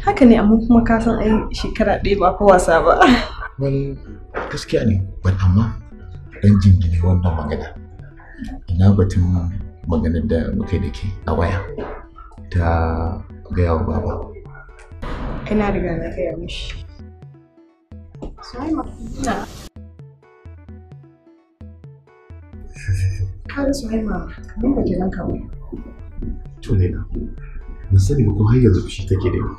haka ne amma kuma ka san ai shekara ɗaya ba fa wasa ba wal gaskiya ne ban amma dan jingine wannan magana ina batun maganar da muke da ke a waya ta gaya wa baba ina riga na gaya mishi Kada su haima, kamar ba ke nan kawai. To ne na, mun sani ba kuma har yanzu fushi take da yau.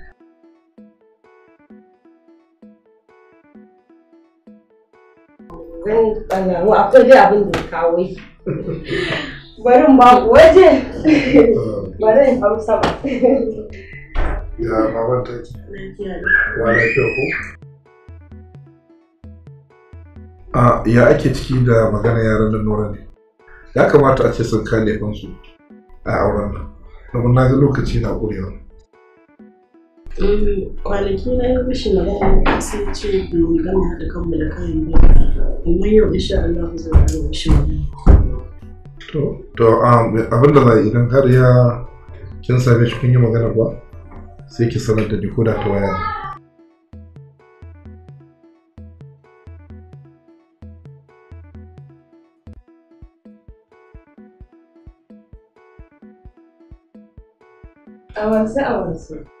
zan akwai dai abin da kawo yi bari ba ku waje bari in faru sama ya baban ta ki wa na lafiya ko a ya ake ciki da magana yaran nan nora ne ya kamata a ce sun kane kansu a auren nan domin na ga lokaci na ƙurewa Eh, kwanaki na yi mishi magana sai ce mu gama da kanmu da kayan biyu amma yau insha Allah zai ƙara mishi magana. To, to um, abin da za idan har ya kin same shi kun yi magana ba sai ki sanar da ni decoder ta waya. A wasu a wasu.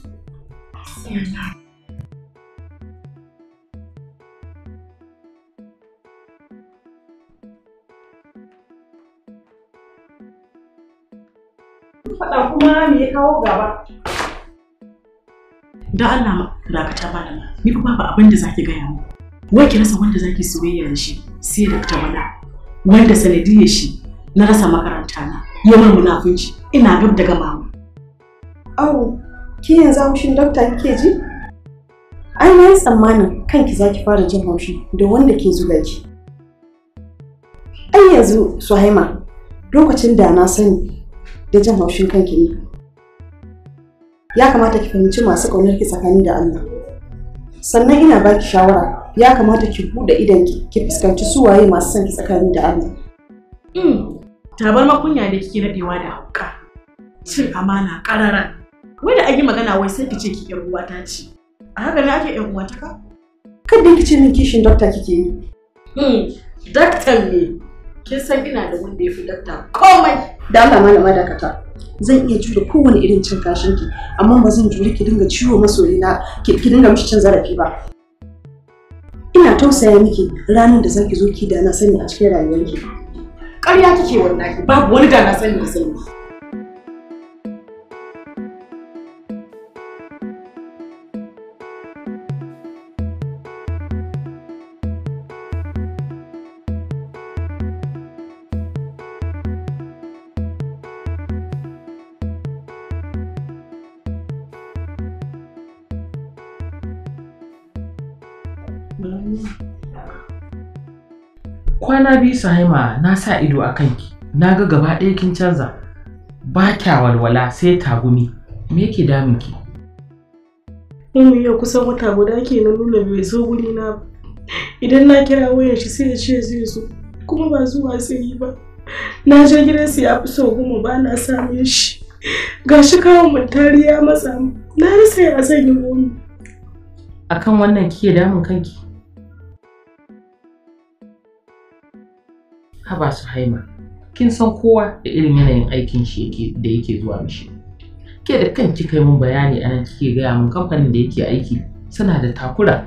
kawo gaba da Allah dakata malama ni kuma ba abin da zaki gaya mu wai ki rasa wanda zaki soyayya da shi sai da ta wala wanda sanadiyar shi na rasa makaranta na ya mun munafunci ina gab da gamawa. Awo ki yanzu haushin dokta kike ji ai na yi tsammanin kanki zaki fara jin haushi da wanda ke zuga ki ai yanzu suhaima lokacin da na sani da jin haushin kanki ne ya kamata ki fahimci masu ƙaunar ki tsakani da Allah sannan ina baki shawara ya kamata ki buɗe idan ki ki fuskanci su waye masu son ki tsakani da Allah hmm, tabar makunya da kike nadewa da hauka cin amana karara wai da an yi magana wai sai ki ce ki yar uwata ce a haka ne ake yar uwata ka kada ki ce min kishin dokta kike yi hmm, daktan ne kin san ina da wanda ya fi dakta komai da Allah malama dakata zan iya jure kowane irin cin kashin ki amma ba zan jure ki dinga ciwo masoyina ki dinga mishi cin zarafi ba ina tausaya miki ranar da zaki zo ki da na sani a cikin rayuwarki ƙarya kike ki babu wani da na sani da sani kwana biyu haima na sa ido a kanki na ga gaba ɗaya kin canza ba kya walwala sai tagumi me yake damun ki mu yau kusan wata guda ke na nuna bai zo guri na ba idan na kira wayar shi sai ya ce zai zo kuma ba zuwa sai yi ba na je gidansa ya fi so goma ba na same shi ga shi kawo mun tariya ya matsa na rasa ya zan yi wani akan wannan kike damun kanki ba su haima kin san kowa da irin yanayin aikin shi da yake zuwa mishi ke da kanki kai mun bayani anan kike gaya mun kamfanin da yake aiki suna da takura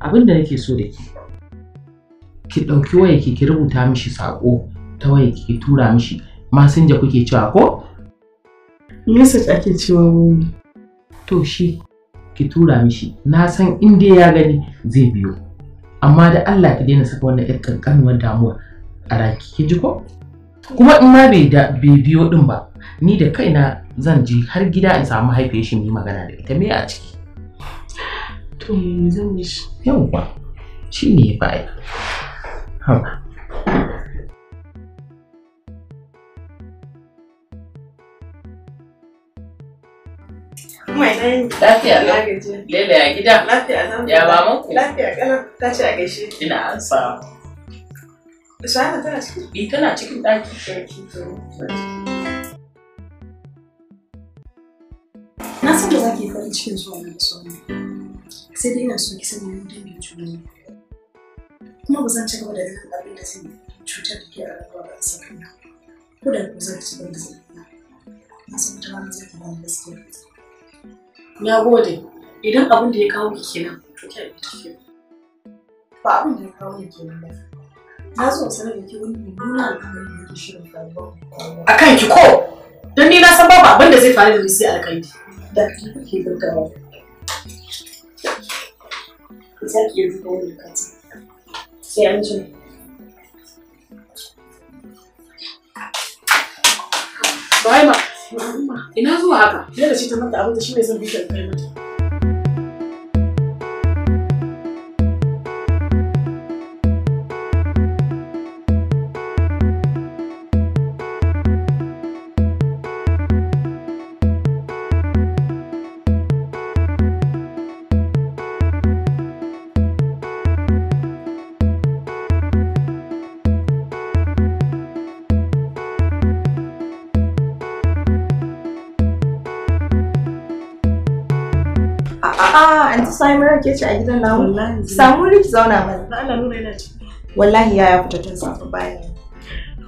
abin da nake so da ke ki ɗauki wayarki ki rubuta mishi sako ta wayarki ki tura mishi masinja kuke cewa ko message ake cewa to shi ki tura mishi na san inda ya gani zai biyo amma da Allah ki daina saka wannan yar kankanuwar damuwa a ranki kin ji ko kuma in ma bai da bai din ba ni da kaina zan je har gida in samu haife shi mu magana da ita me a ciki to zan yi shi yawwa shi ba ai haba Mai dai. Lafiya lau. lele a gida. Lafiya lau. Ya ba ku. Lafiya kalau. Ta ce a gaishe. Ina ansa. Shahada tana cikin? Bi eh, tana cikin ɗaki. Na san da za ki yi farin cikin zuwa na so Sai dai ina so ki sani mun dangin juna. Kuma ba zan ci gaba da ganin abin da zai cutar da ke a rayuwa ba a sakana. Ko da ku zan ci gaba da zai na. Na san ta wani zai ta ba gaskiya. Na gode. Idan abin da ya kawo ki kenan, to ki ki Ba abin da ya kawo ki kenan ba. Na so sanar da ke wani mummuna alƙawari da ke shirin faruwa. A kan ki ko? Don ni na san babu abin da zai faru da ni sai alƙaidi. Da ki kake gaggawa. Ki sake yanzu ka wani katin. Sai an jima. Bye, ma. Ina zuwa haka? Dai da shi ta mata abin da shi ne son bitar kai mata. ranar ke ci a gidan namu samu wuri ki zauna ba. na Allah nuna yana ciki wallahi yaya fita tun safe bayan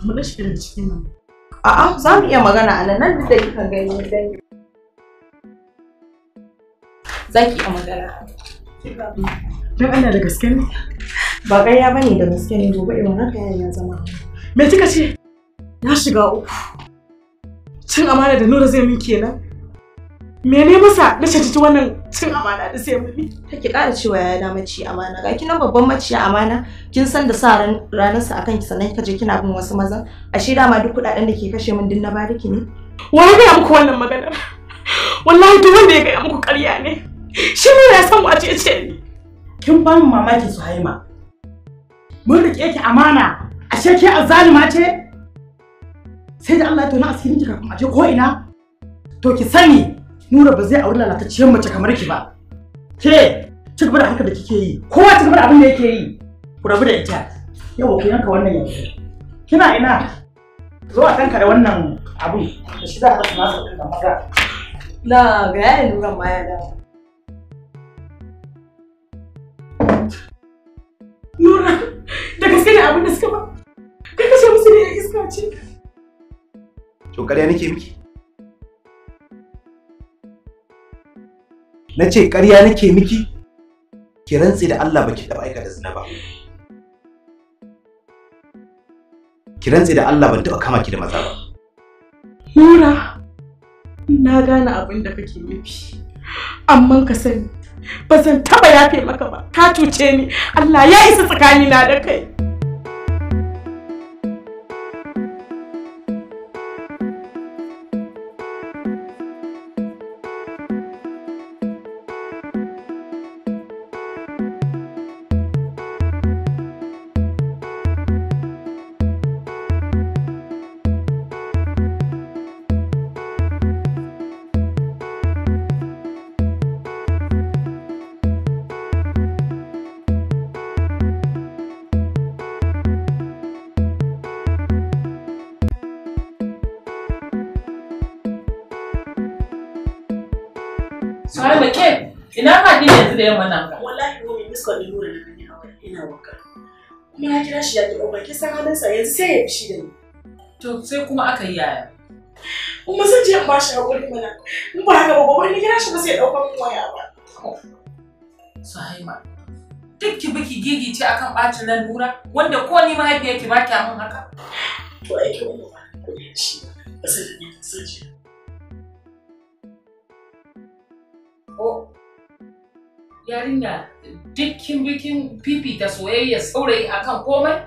mu da shi da ciki nan a'a za mu iya magana a nan nan da kika gani dan zaki iya magana dan Allah da gaske ne ba ƙarya bane da gaske ne gobe irin haka ya zama me kika ce Na shiga uku cin amana da nura zai min kenan mene masa na ci wannan cin amana da sai mami take ƙara cewa ya na mace amana ga kinan babban mace amana kin san da sa ranar sa akan ki sannan kika je kina bin wasu mazan ashe dama duk kudaden da ke kashe min din na bariki ne wai ga muku wannan maganar wallahi duk wanda ya ga muku ƙarya ne shi ne ya san wace ce ni kin ba mu mamaki Suhaima mun rike ki amana ashe ke azalima ce sai da Allah ya tona asirin ki kafin aje ko ina to ki sani Nura ba zai auri lalatacciyar mace kamar ki ba. Ke, ci gaba da haka da kike yi, kowa ci gaba da abin da yake yi. Ku rabu da ita. Yau ku yanka wannan yanzu. Kina ina? Zo a tanka da wannan abin Da shi za ka su masu da maza. Na, ga yayin Nura ma ya da. Nura, da gaske ne abin da suka ba. Kai kashe musu da iska ce. To, ƙarya nake miki? na ce ƙarya nake miki ki rantse da Allah baki taɓa da zina ba ki rantse da Allah ban taɓa kama ki da maza ba Nura na gane abin da kake miki amma ka sani ba zan taɓa yafe maka ba ka cuce ni Allah ya isa tsakani na da kai da yamma nan ka wallahi ko mai miskon da nura na ne a ina wanka kuma ya kira shi ya kira ba ke san halin sa yanzu sai ya shi da ni to sai kuma aka yi yaya kuma sun je ba shi hakuri mana in ba haka ba ba ni kira shi ba sai ya dauka mun waya ba Sahima duk ki biki ce akan bacin nan nura wanda ko ni mahaifiyar ki ba ki mun haka to ai ke wannan ba ko shi ba sai da ni sai ji Oh. yarinya dukkin bikin ta soyayya saurayi akan komai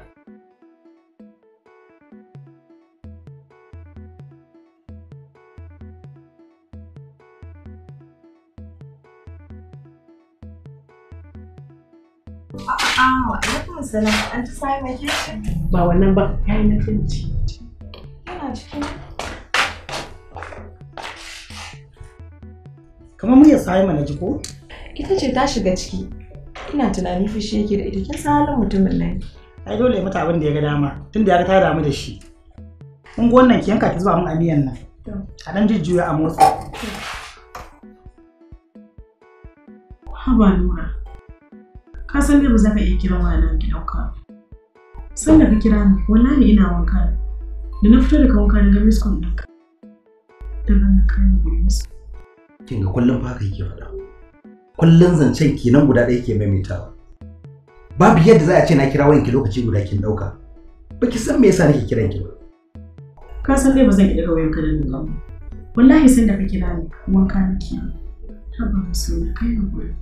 Ba wannan ba, ya yi na finci. Yana cikin. Kamar muryar Simon na ita ce ta shiga ciki ina tunani fushi yake da ita kin san halin mutumin nan ai dole mata abin da ya ga dama tunda ya ga ta damu da shi mun ga wannan ki yanka zuwa zuba mun aniyan nan a dan jujjuya a motsa haba nura ka san dai ba za ka iya kira wani ki dauka san da ka kira ni wallahi ina wanka da na fito daga wanka na su miskon ɗinka da kai kayan gudu kin ga kullum ba ka yi faɗa kullun zancen kenan guda ɗaya ke maimaitawa babu yadda za a ce na kira wayanki lokaci guda kin ɗauka ba san me yasa nake kiran ki ba ka san dai ba zan kira wayanka da nan ba wallahi san da ka kira ni wanka nake mu sun kai ne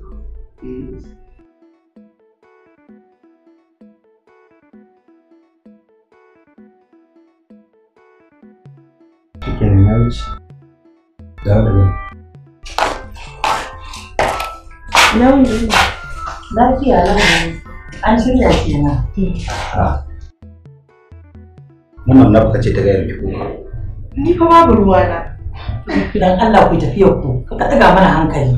Chicken and notes. Double. launi ne. Lafiya launi an shirya kenan. Mamman na buka ce ta gaya mai kuma. Ni fa babu ruwa na. Dan Allah ku tafiya ku, ka ɗaga mana hankali.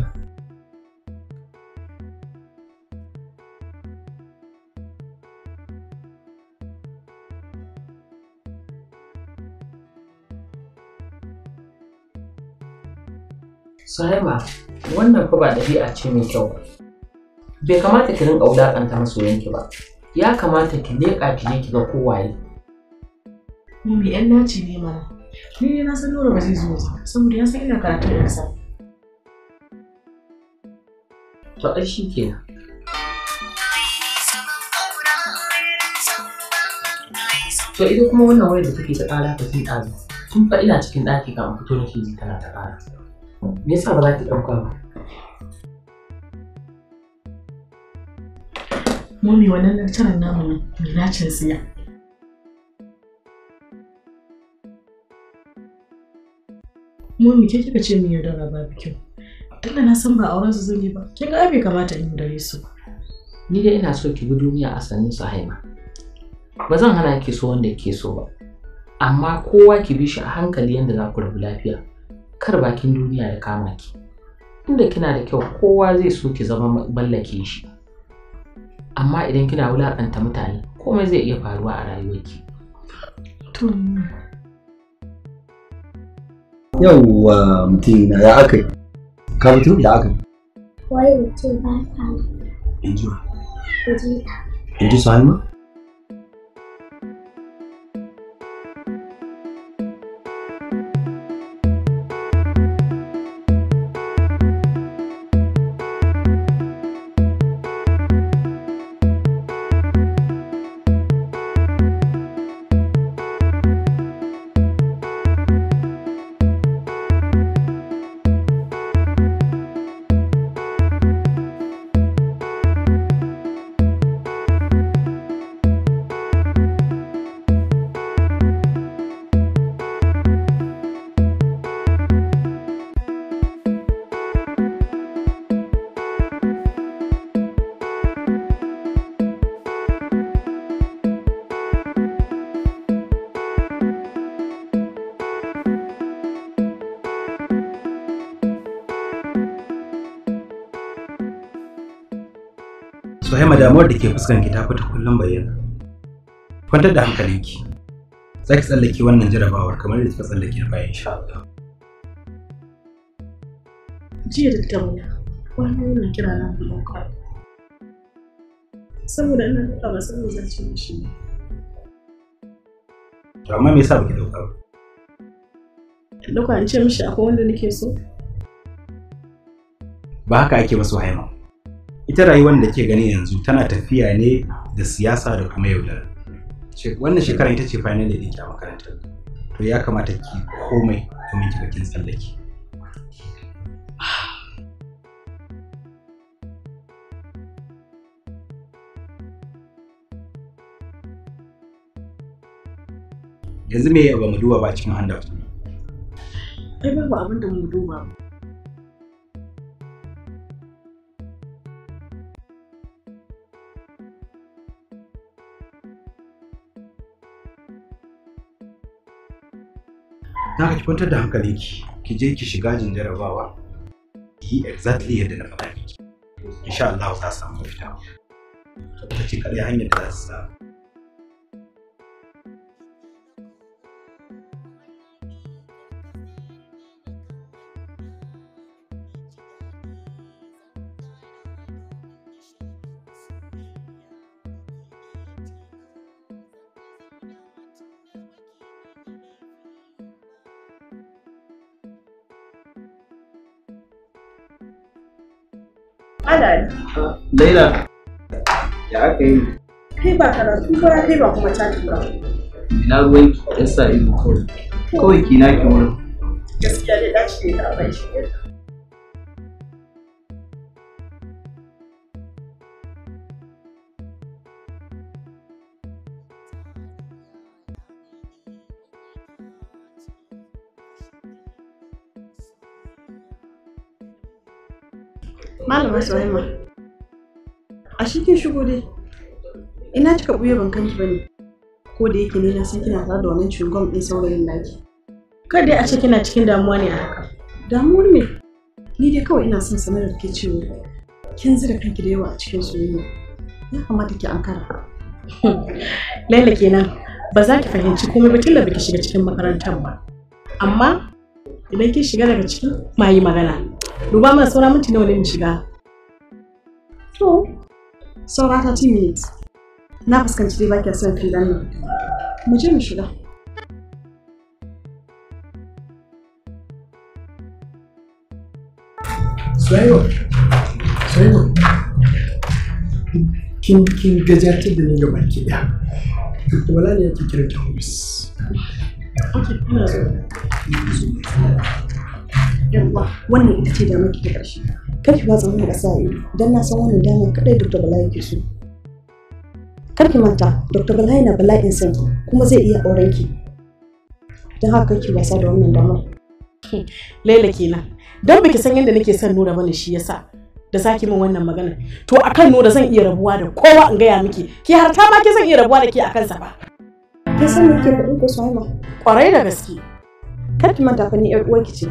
Sorry, wannan fa ba ɗabi'a ce mai kyau ba bai kamata ki rinƙa wulaƙanta masoyanki ba ya kamata ki leƙa ki je ki ga kowaye Mimi ƴan naci ne mana ni ne na san Nura ba zai zo ba saboda ya san ina karatu da sa to ai shi kenan to ita kuma wannan wayar da take ta ƙara ta tun ɗazu tun fa ina cikin ɗaki kafin fito nake ji tana ta ƙara me yasa ba za ki ɗauka ba mummy mai wannan lecturer namu ne mai na tsiya mu mi ke kika ce ya dora ba kyau tunda na san ba auren su zan yi ba kin ga bai kamata in dare su ni dai ina so ki bi duniya a sanin su haima ba zan hana ki so wanda ke so ba amma kowa ki bi shi a hankali yadda za ku rabu lafiya kar bakin duniya ya kama ki inda kina da kyau kowa zai so ki zama mallake shi amma idan kina wulaƙanta mutane komai zai iya faruwa a rayuwarki yawwa mutum na ya aka yi ka mutum ya aka yi wai mutum ba ka in Inji in ji sa'ima damuwar da ke fuskanki ta fita kullum bayyana. Kwantar da hankalinki. Za ki tsallake wannan jarabawar kamar da kika tsallake baya insha Allah. Jiya da tauna, wani yana kira na bulan kwa. Saboda ina da ba sanin zance ci shi. To amma me yasa baki dauka ba? Dauka an ce mishi akwai wanda nake so? Ba haka ake masu haima. ita rayuwar da ke gani yanzu tana tafiya ne da siyasa da kuma yaudara wannan shekara ita ce final da ke a makarantar to ya kamata ki komai domin ki kin tsallake yanzu me ba mu duba ba cikin handout ai abin da mu duba ki kwantar da hankalinki ki je ki shiga jin jarabawa ki yi exactly yadda na faɗa miki insha Allah za samu mafita ta ce kaɗai hanyar da za su samu Ana Laila. Ya aka yi. Kai ba karatu ba kai ba kuma cati ba. Ina ruwanki ya sa ido kawai. Kawai ki na ki wurin. Gaskiya dai ɗaci ne ta bai shi. masu haima. A shi kin shigo dai. Ina cika buya ban kanki bane. Ko da yake ne na san kina tare da wannan cingom ɗin saurayin Laki. Kar dai a ce kina cikin damuwa ne a haka. Damuwar me? Ni dai kawai ina son sanar da ke cewa kin zira kanki da yawa a cikin soyayya. Ya kamata ki ankara. Laila kenan ba za ki fahimci komai ba tun da baki shiga cikin makarantar ba. Amma idan kin shiga daga ciki ma yi magana. Duba mana saura minti nawa ne mu shiga To, saura 30 minutes. Na fuskanci dai ba kya son filan nan. Mu je mu shiga. Soyayyo, soyayyo. Kin kin gajartar da ni gaba ki da. Wala ne yake kira ta hobbies. Okay, ina zo. Yawwa, wannan ita ce da maki ta ƙarshe. kar ki watsa mana ƙasa ido don na san wannan damar kaɗai dr balai ke so kar ki manta dr bala yana bala'in san kuma zai iya auren ki don haka ki wasa da wannan damar laila kenan don baki san yadda nake son nura bane shi yasa da saki min wannan magana to akan nura zan iya rabuwa da kowa in gaya miki ki har ta ma ki zan iya rabuwa da ke akan sa ba kin san me ke faɗin ko haima. kwarai da gaske kar ki manta fa ni yar uwarki ce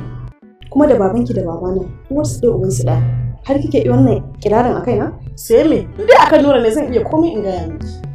kuma da babanki da babana su dai ubansu ɗaya har kike yi wannan kirarin a na. sai me dai aka nura ne zan iya komai in gaya miki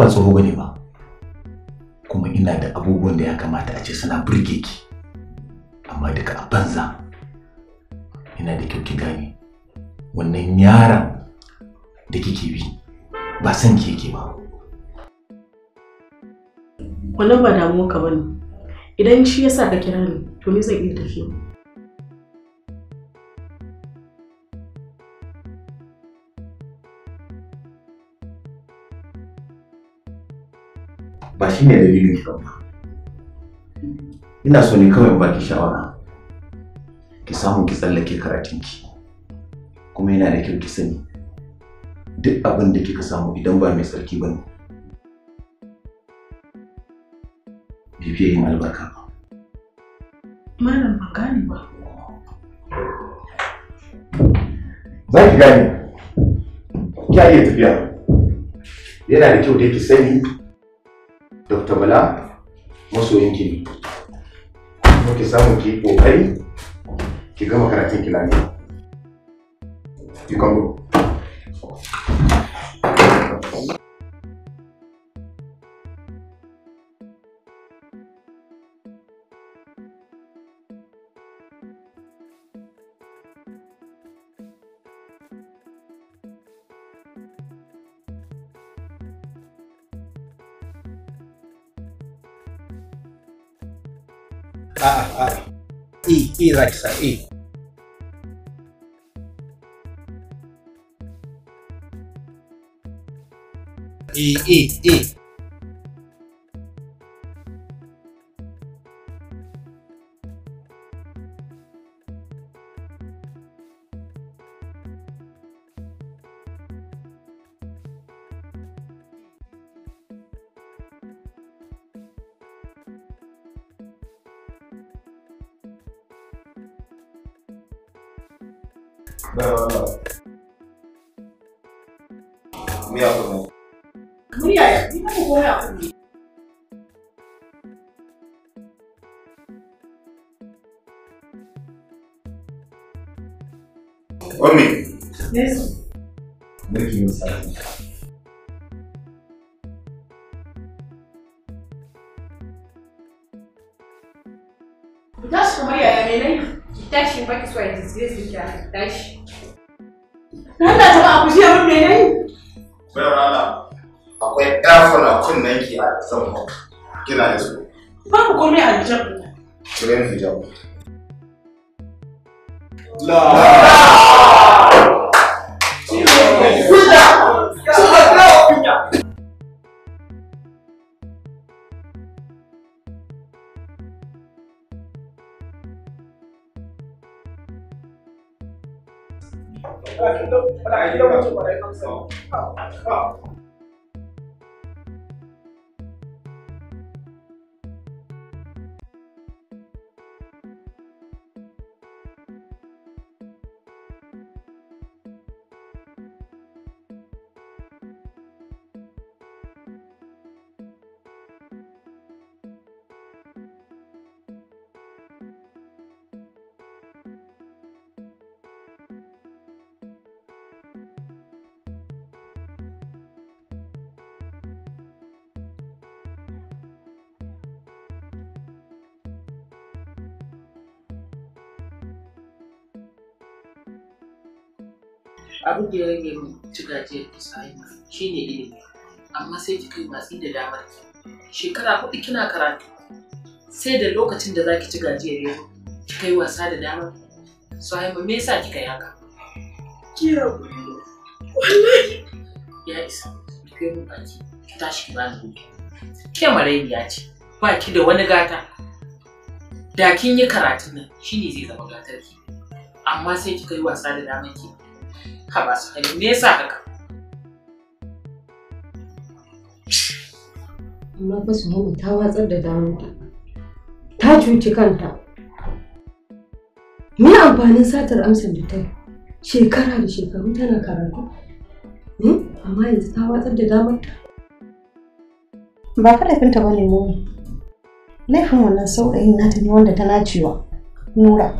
ba tsoro bane ba kuma ina da abubuwan da ya kamata a ce suna burge ki amma duka a banza ina da kyau ki gane wannan yaran da kike bi ba san ki yake ba wannan ba damuwa ka bane idan shi yasa ka kira ni to ni zan iya tafiya shine ne dalilin ki ɗauka ina so ne kawai baki shawara ki samu ki tsallake karatunki kuma yana da kyau ki sani duk abin da kika samu idan ba mai tsarki ba ne bai yin albarka ba malam ban gane ba za ki gane kya iya tafiya yana da kyau da ki sani dr bala masoyin ki kuma ki samu ki kokari ki gama karatun ki lafiya ki Ah, ah. y y, Raxa, I. Y, y, I. abin da ya rage mu ci gajiyar ki shi shine ilimi amma sai ki kai matsi da damar ki shekara hudu kina karatu sai da lokacin da zaki ci gajiyar yau ki kai wasa da damar sahiba me yasa kika yi haka kira wallahi ya isa ki kai mu baki ki tashi ki bani gobe ke ya ce ba ki da wani gata da kin yi karatun nan shine zai zama gatar ki amma sai ki yi wasa da damar ki ka ba su me yasa haka amma ba su Suhamu ta watsar da damunta ta cuci kanta me amfanin satar amsar da ta yi shekara da shekaru tana karatu hmm? amma yanzu ta watsar da damar ta. ba fa ba ne mu laifin wannan saurayin nata ne wanda ta nacewa nura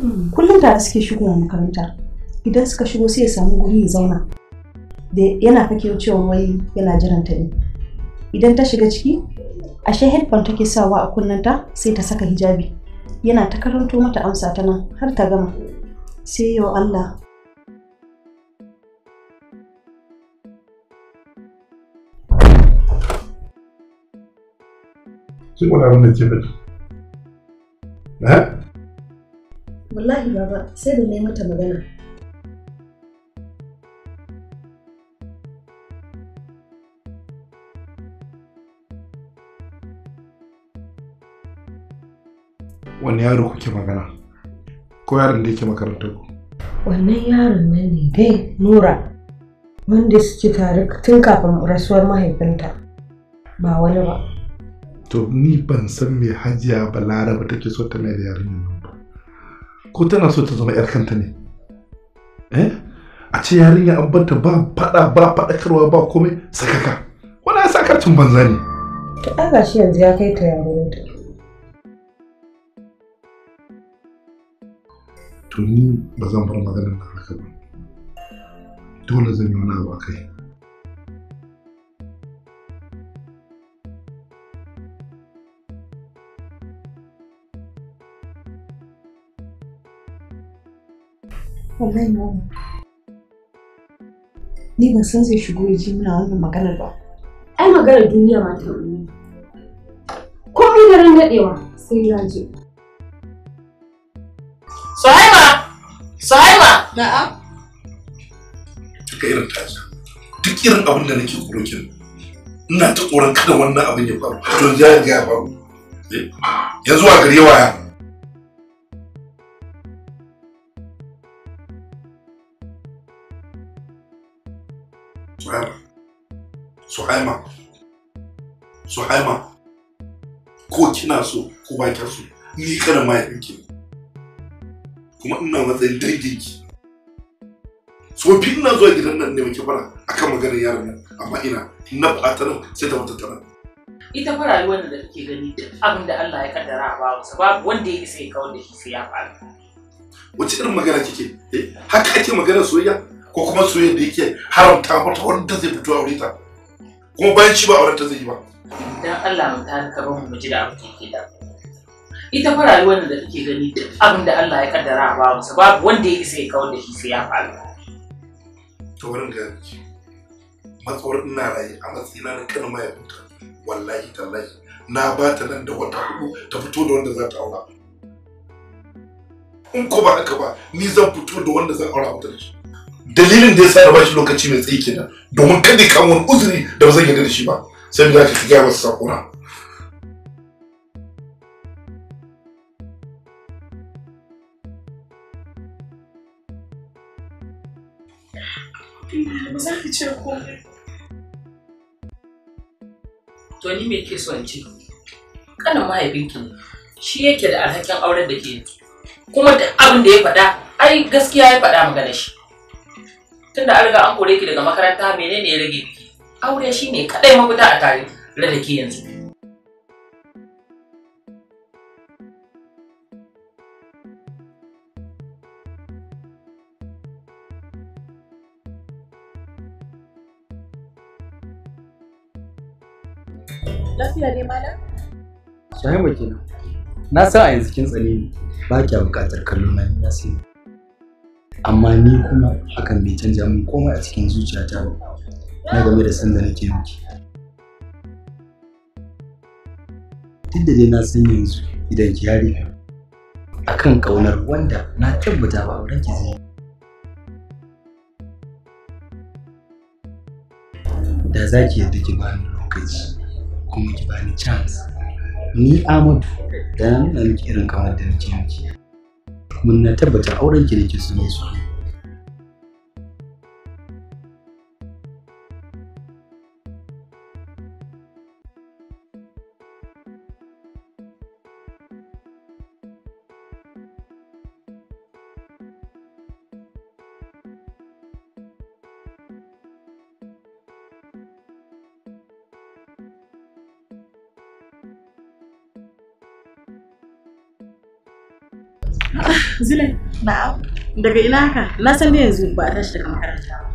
hmm. kullum da suke shigowa makaranta idan suka shigo sai ya samu guri ya zauna da yana fakewa cewa wai yana jiran ta ne idan ta shiga ciki ashe headphone take sawa a kunnanta sai ta saka hijabi yana ta karanto mata amsa ta nan har ta gama sai yau Allah Kin wani abin da ke faɗi? Eh? Wallahi baba sai da na yi mata magana wani yaro kuke magana ko yaron da yake makarantar ku wannan yaron nan ne dai nura wanda suke tare tun kafin rasuwar mahaifinta ba wani ba to ni ban san me hajiya balaraba take so ta mai da yaron nan ba ko tana so ta zama yar kanta ne eh a ce yarinya ya banta ba fada ba fadakarwa ba komai sakaka wani ya sakarcin banza ne ta aga shi yanzu ya kai ta yaro ta to ni ba zan bar maganar nan haka ba dole zan yi wani abu a kai wallahi mama ni ban san zai shigo ya ji muna wannan maganar ba ai maganar duniya ma ta komai garin dadewa sai ya je ka irin tashi duk irin abin da nake kurokin ina ta tsoron kada wannan abin ya faru to yanzu ya ga ya faru eh? yanzu a gari waya Suhaima Suhaima ko kina so ko ba kya so ni kana mahaifinki kuma ina matsayin danginki tsofin na zuwa gidan nan ne muke fara akan maganar yaran nan amma ina na buƙatar sai ta wata tana ita fara rayuwar da kake gani duk abin da Allah ya kaddara ba wasa babu wanda ya isa ya kawar da shi sai ya fara wace irin magana kike eh, haka ake magana soyayya ko kuma soyayya da yake haramta mata wanda zai fito aure ta kuma bayan shi ba auren ta zai yi ba dan Allah mun ta ka ba mu ji da abin kike da ita fara rayuwar da kake gani duk abin da Allah ya kaddara ba wasa babu wanda ya isa ya kawar da shi sai ya fara ta wurin matsawar ina raye a matsayina na kan buta wallahi tallahi na ba ta nan da wata hudu ta fito da wanda za ta aura in ko ba haka ba ni zan fito da wanda zan aura wata da shi dalilin da ya sa na bashi lokaci mai tsayi kenan domin kada ka wani uzuri da ba zan yarda da shi ba sai da ka gaya masa sakona ba za ce cire komai to ni me ke so in ce kanin mahaifinki ne shi yake da alhakin auren da ke kuma da abin da ya faɗa ai gaskiya ya faɗa magana shi tunda an riga an kore ki daga makaranta menene ya rage biki aure shine kadai mafita a tare da ke yanzu Lafiya ne malam? Na san a yanzu kin tsane ba kya buƙatar kallo na na sai. Amma ni kuma hakan bai canja min komai a cikin zuciyata ba. Na game da san da nake miki. Duk da dai na san yanzu idan ki yare akan ƙaunar wanda na tabbata ba auren ki zai da za ki yadda ki bani lokaci kuma ki bani chance ni Amadu da nan nuna kamar da nake miki mun na tabbata auren ki nake so ne daga ina ka? na san yanzu ba a tashi daga makaranta ba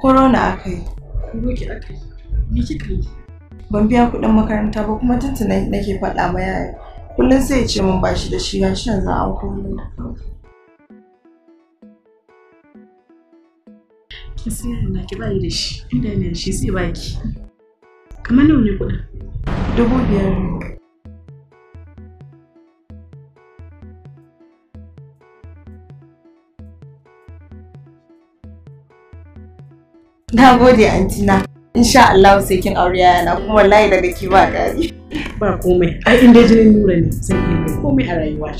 corona aka yi kuro aka yi ni kika yi ban biya kuɗin makaranta ba kuma tuntuna nake faɗa ma yaya kullum sai ya ce min ba shi da shi ya shi yanzu an kullum ki sai na ki bayi da shi inda ne shi sai baki kamar nawa ne kuɗin dubu biyar ne Na gode antina. Insha Allah sai kin aure yana kuma wallahi daga ki ba gari. Ba komai. Ai inda jinin nura ne sai komai a rayuwa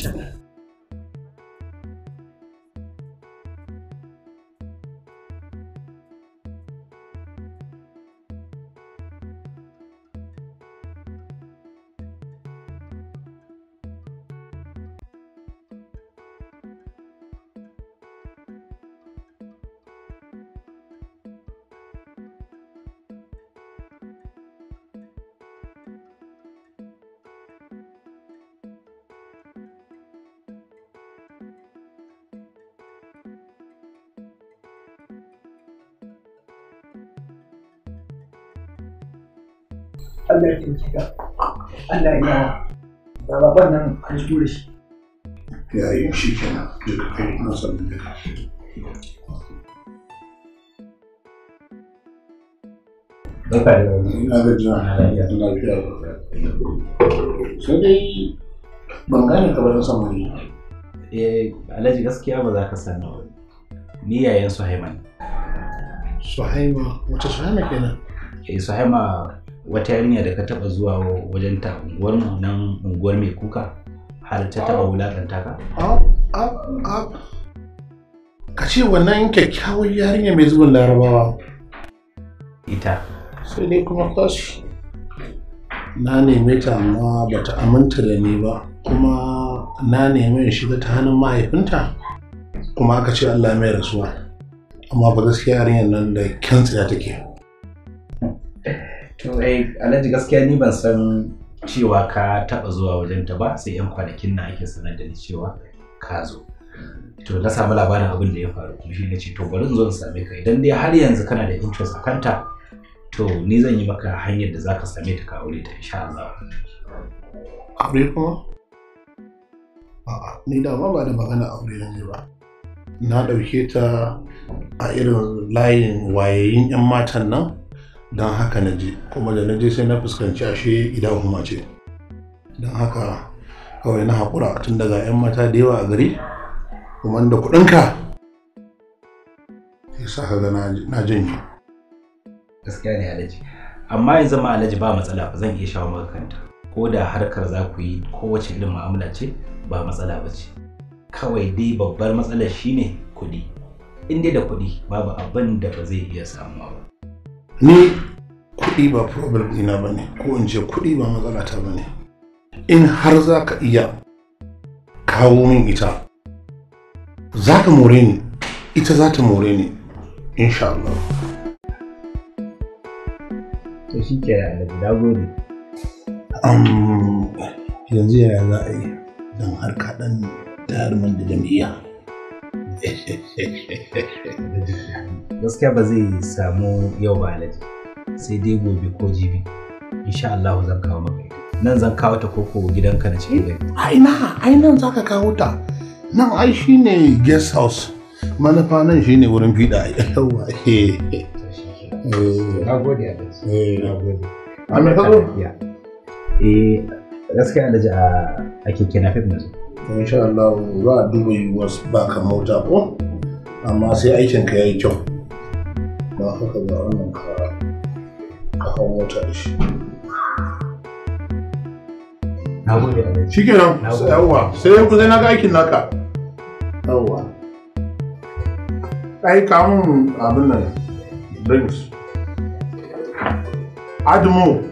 Allah ya taimake ka Allah ya yawa da baban nan an tura shi ya yi shi kenan duka kai na sanin duka Barka da wani. Ina da jira. Ina da jira. Sai dai ban gane ka ba na san wani. Eh, Alhaji gaskiya ba za ka san ba. Ni yayan Suhaiman. Suhaima, wace Suhaima kenan? Eh, Suhaima wata yarinya da ka taba zuwa wajen ta unguwar mu nan unguwar mai kuka har ta taba ah. wulakanta ka? Ah, ah, ka ce wannan kyakkyawar yarinya mai zuwan larabawa. Ita. Sai dai kuma kashi. Na neme ta amma bata aminta da ni ba kuma na neme in shiga ta hannun mahaifinta kuma aka ce Allah mai rasuwa. Amma ba gaskiya yarinyar nan da kyan tsira take. to eh alhaji gaskiya ni ban san cewa ka taba zuwa wajen ta ba sai yan kwanakin na ake sanar da ni cewa ka zo to na samu labarin abin da ya faru kuma shi ne ce to bari zo in same ka idan dai har yanzu kana da interest a kanta to ni zan yi maka hanyar da zaka same ta ka aure ta insha Allah aure kuma a'a ni da ma ba da magana aure ne ba na dauke ta a irin layin wayayin 'yan matan nan don haka na je kuma da na je sai na fuskanci ashe idan kuma ce don haka kawai na haƙura tun daga 'yan mata da yawa a gari kuma da kuɗinka ya sa ka ga na yi gaskiya ne alaji amma yanzu ma alaji ba matsala ba zan iya shawo maka kanta ko da harkar za ku yi kowace irin ma'amula ce ba matsala ba ce kawai dai babbar matsalar shine kuɗi in dai da kuɗi babu abin da ba zai iya samuwa ba ni kuɗi ba problem ɗina ba ne ko in ce kuɗi ba matsalata ba ne in har za ka iya kawo min ita za ka more ni ita za ta more ni insha Allah to shi ke da gode yanzu yaya za a yi don har kaɗan da da jam'iyya gaskiya ba zai samu yau ba alaji sai dai gobe ko jibi insha Allah zan kawo maka nan zan kawo ta koko gidanka na cikin gari a ai nan zaka kawo ta nan ai shine guest house manufa nan shine wurin fiɗa yawa eh, na gode alaji eh, na gode amma ka zo eh gaskiya alaji a ake kina fitness insha Allah za a duba yiwuwar ba ka mota ko amma sai aikinka ya yi kyau don haka ga wannan ka ka hau mota da shi na gode yawwa sai kuzai aikin naka yawwa ai kamun abin nan drinks Admo.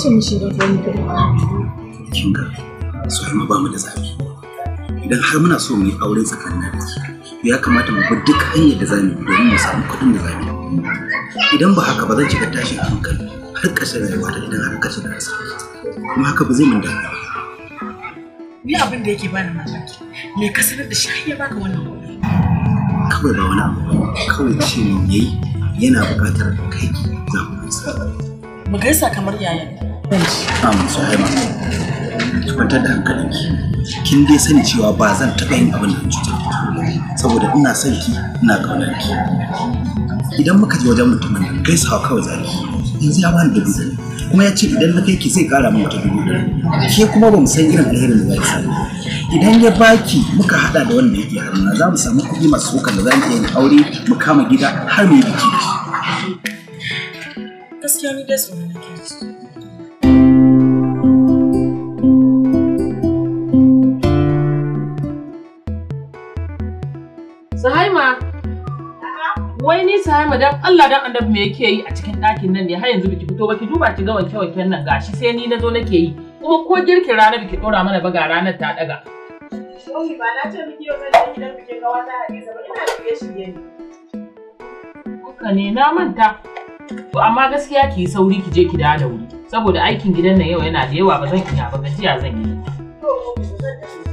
ce mu shiga zai mu kin ga su har ma ba mu da zafi idan har muna so mu yi aure tsakanin da ya kamata mu bi duk hanyar da zamu bi domin mu samu kuɗin da zamu idan ba haka ba zan shiga tashin hankali har ƙarshen rayuwa da idan har ƙarshen da rasa kuma haka ba zai mun damu ba ni abin da yake bani mamaki me ka sanar da shi ya baka wannan kuɗi kawai ba wani abu kawai ce mun yayi yana buƙatar kai ki za mu gaisa mu gaisa kamar 'ya'yan. da Kin dai sani cewa ba zan taɓa yin abin da cutar da saboda ina son ki ina ƙaunar ki. Idan muka je wajen mutumin nan gaisawa kawai zaki. Yanzu ya bani dubu kuma ya ce idan na kai ki zai ƙara min wata dubu ɗari. Ke kuma ba mu san irin alherin da zai ki samu. Idan ya baki muka haɗa da wanda yake haruna za mu samu kuɗi masu sukan da za mu iya yin aure mu kama gida har mu yi biki. Gaskiya ni dai tsoron nake ji. Salma dan Allah dan annabi me yake yi a cikin ɗakin nan ne har yanzu biki fito ba ki duba ki ga wanke wanken nan gashi sai ni nazo nake yi kuma ko girkin rana biki dora mana ba ga ranar ta daga. Omi ba na ce miki yau zan je dan biki ga wata ba ina da shirye ne. Haka ne na manta. To amma gaskiya ki yi sauri ki je ki dawo da wuri saboda aikin gidan nan yau yana da yawa ba zan iya ba gajiya zan yi. To, zan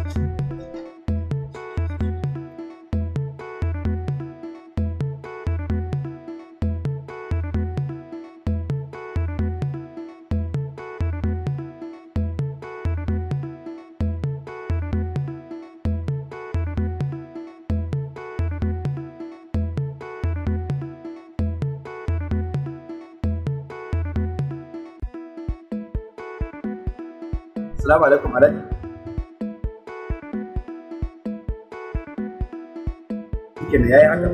Assalamu alaikum alhaji. Shike ne yayi haka.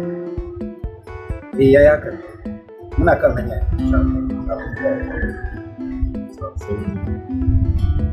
Eh yayi haka. Muna kan hanya. Insha Allah.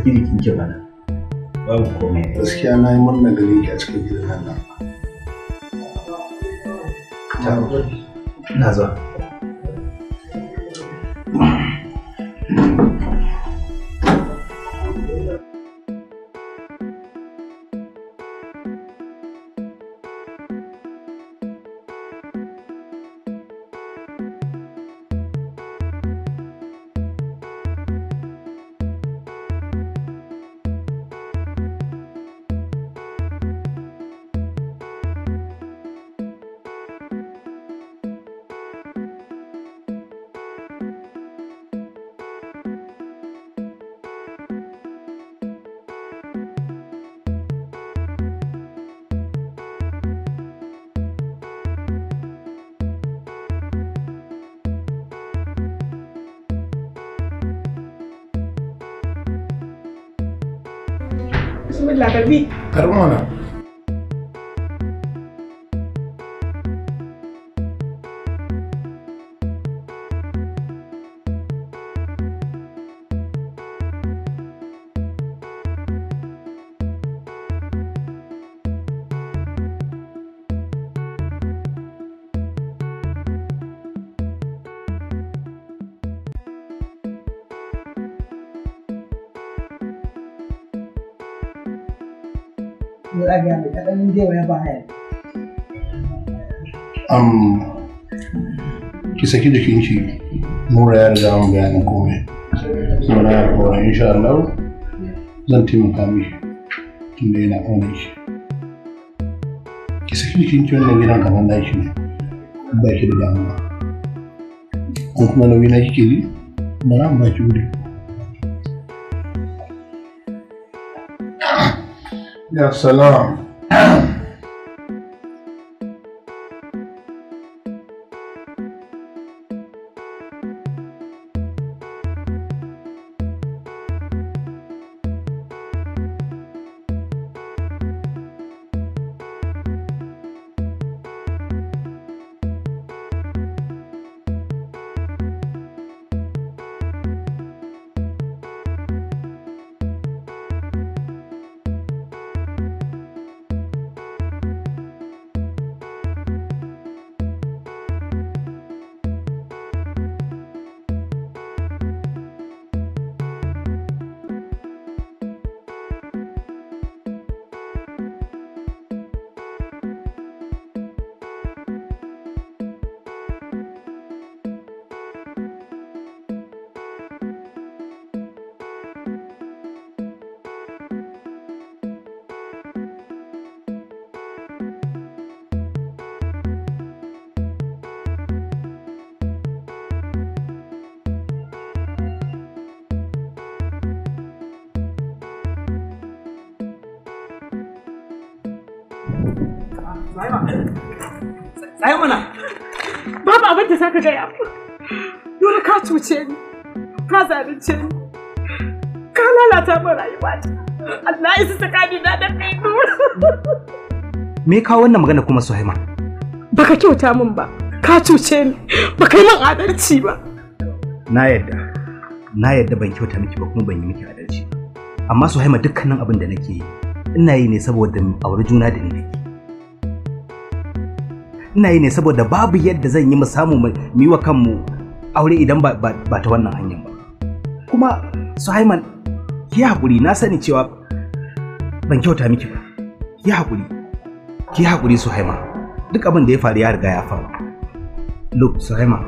saki jikin ki bana babu komai gaskiya na yi murna gare ki a cikin gidan nan na zuwa saki jikin shi mura ya riga mun bayanin komai saboda ya kora insha Allah zan taimaka mishi tunda yana ƙaunar shi ki saki jikin ki wannan gidan kamar nashi ne ba ki da damuwa kuma na kike ji ba za mu ba ki wuri ya salam kawo wannan magana kuma Suhaima? Baka kyauta min ba, ka cuce ni, baka yi min adalci ba. Na yadda, na yadda ban kyauta miki ba kuma ban yi miki adalci. Amma Suhaima dukkanin abin da nake yi, ina yi ne saboda aure juna da ni Ina yi ne saboda babu yadda zan yi mu samu mu yi wa kanmu aure idan ba, ta wannan hanyar ba. Kuma Suhaima, ki haƙuri na sani cewa ban kyauta miki ba, ki haƙuri. ki haƙuri Suhaima duk abin da ya faru ya riga ya faru look Suhaima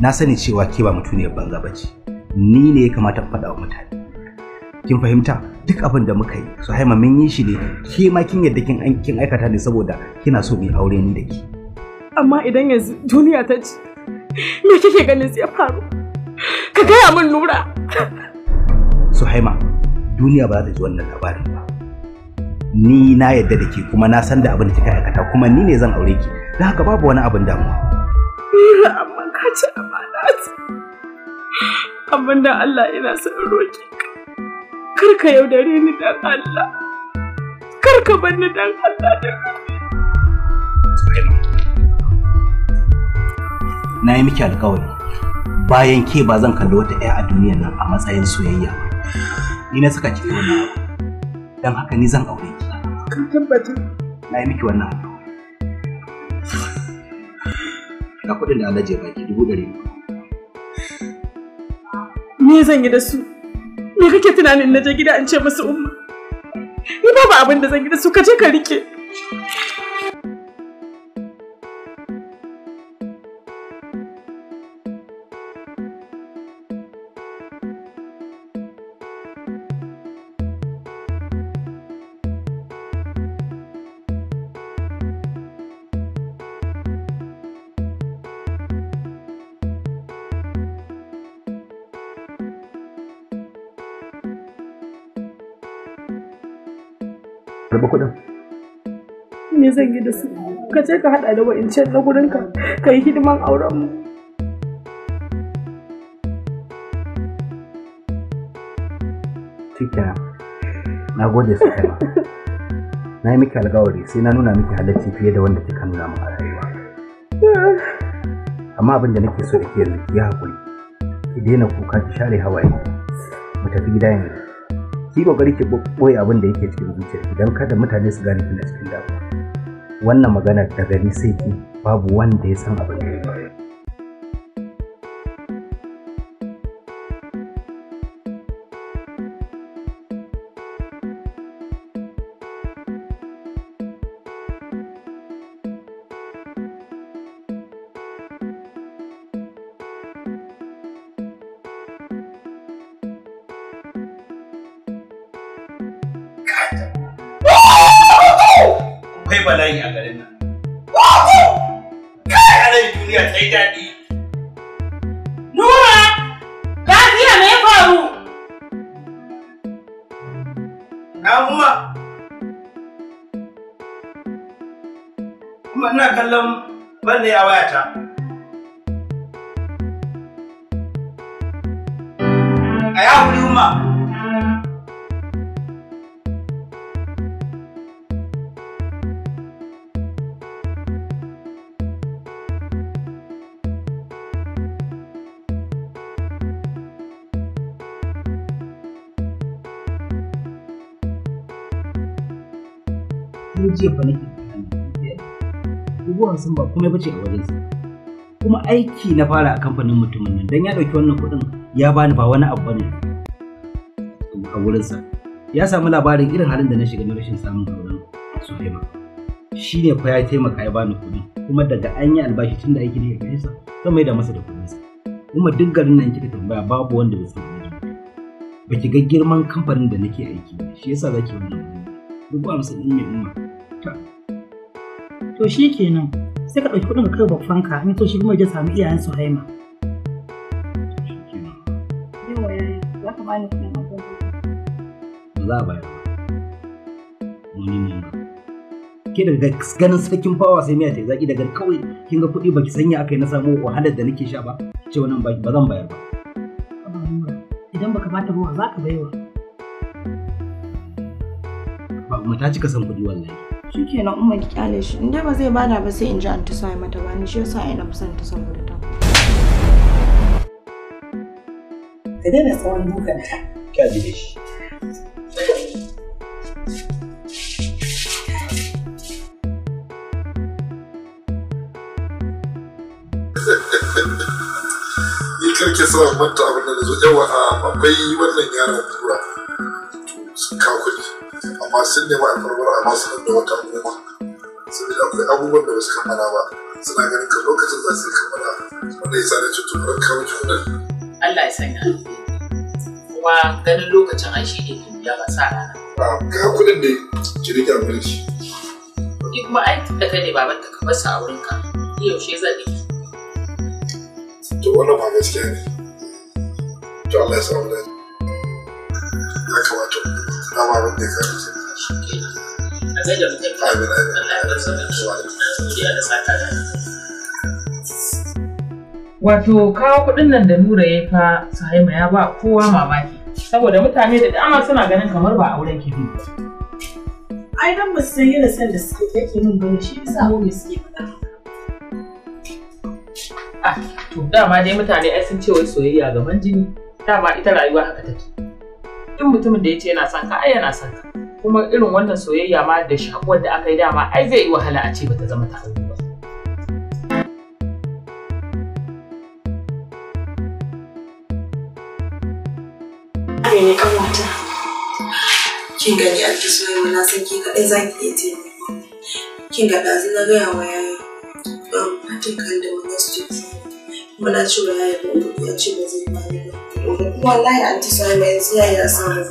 na sani cewa ke ba mutuniyar banza bace ni ne ya kamata in faɗa wa mutane kin fahimta duk abin da muka yi Suhaima mun yi shi ne ke ma kin yadda kin aikata ne saboda kina so mu aure ni da ki amma idan yanzu duniya ta ci me kike ganin sai faru ka gaya min nura Suhaima duniya ba za ta ji wannan labarin ba ni na yadda da ke kuma na san da abin da kika aikata kuma ni ne zan aure ki don haka babu wani abin damuwa amma ka ci amana amma da Allah ina son roƙi kar ka yaudare ni dan Allah kar ka bar ni dan Allah da na yi miki alƙawari bayan ke ba zan kalli wata ɗaya a duniyar nan a matsayin soyayya ba ni na saka ki wani abu don haka ni zan aure ka tabbatar na yi miki wannan na kuɗin da alaje baki dubu ɗari me zan yi da su me kake tunanin na je gida an ce masu umma ni ba abin da zan yi da su ka je ka rike ne zan yi da su ka ce ka haɗa da wa'incan na gurinka ka yi hidiman aurenmu Cikina, na gode sosai na yi miki alkawari sai na nuna miki halarci fiye da wanda kika nuna min a rayuwa amma abin da nake so da ke yanzu ya hakuri ki daina kuka ki share hawaye mu tafi gida yanzu ki kokari ki boye abin da yake cikin zuciyarki idan kada mutane su gane kina cikin damuwa wannan maganar da gari sai ki babu wanda ya san abin da bala'i a garin nan. Kai a nan duniya ta yi daɗi. Nura, lafiya me ya faru? Na kuma. Kuma ina kallon balle a wayata. ba kuma bace a wajensa kuma aiki na fara a kamfanin mutumin nan don ya ɗauki wannan kuɗin ya bani ba wani abu ne a wurinsa ya samu labarin irin halin da na shiga na rashin samun su suhaima shi ne fa ya taimaka ya bani kuɗi kuma daga an yi albashi tun da aiki ne ya kai sa zan mai da masa da sa, kuma duk garin nan kika tambaya babu wanda zai sani Baki ga girman kamfanin da nake aiki shi yasa zaki wannan duk amsa din ne umma to shikenan sai ka ɗauki kuɗin ka kai babban ka in so shi kuma ya sami iyayen su haima. Yawa ya za ka bani kuɗin a bayar. Wani ne Ke daga ganin sarkin fawa sai miya ta yi zaƙi daga kawai kin ga kuɗi baki sanya aka yi na samu wahalar da nake sha ba. Ce wannan ba zan bayar ba. Idan baka bata ruwa za ka bayar Ba mu ta cika san kuɗi wallahi. shikenan umma ki kyale shi in ba zai bada ba sai in ji an sai mata ba ni shi yasa ina na ta saboda ta ka daina tsawon dukanta ka ji da shi ni karke sauran manta abin da zo yawa akwai wannan yaran tura kawo kuɗi amma sun nema a farbar amma su da wata goma da akwai abubuwan da basu kammala ba suna ganin ka lokacin za su kammala wanda ya sa da cutar wurin kawai cutar Allah ya sanya kuma ganin lokacin an shi ne ya ba sa rana ga kuɗin da ki rike a wurin shi kuma ai da kai ne baban ta kamar sa a wurin ka yaushe zan yi to wannan ba gaskiya ne to Allah ya samu wani. ya kamata dama abin da ya kare ce na shi a sai da mutum ta abin abin da sata da Wato kawo kuɗin nan da Nura ya fa Sahima ya ba kowa mamaki saboda mutane da dama suna ganin kamar ba auren ki bi. Ai dan ba san yana san da suke yake min ba, shi yasa mu me suke faɗa. Ah, to dama dai mutane ai sun ce wai soyayya gaban jini dama ita rayuwa haka take. in mutumin da ya ce yana son ka ai yana son ka kuma irin wannan soyayya ma da shakuwar da aka yi dama ai zai yi wahala a ce bata zama ta ba Kai ne kan wata. Kin gani a ki soyayya na san ki kaɗai za ki iya taimako. Kin ga ɗazu na gaya wa yaya. Ban um, fatan kan da wani su ce. Muna cewa yaya ba ya ce ba zai bayar ba. wallahi an ta samu yanzu ya ya samu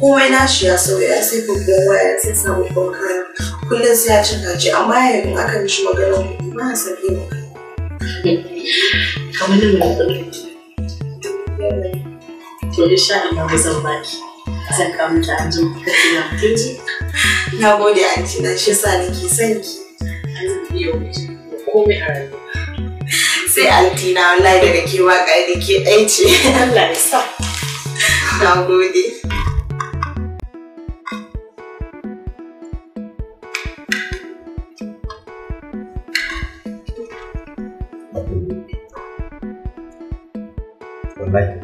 komai nashi ya sauya sai babban waya sai sababbin kaya kullum sai ya cin kaji amma yayin aka mishi magana kuɗi ma ya sabi ne kamar nan mai kuɗi to insha Allah zan ki. zan kawo mata an ji ka tsira kinji na gode anti na shi yasa nake son ki an biyo komai a rayuwa sai anti na wallahi daga ke waka da ke ɗai ce. Allah ya sa. Na gode. Wallahi,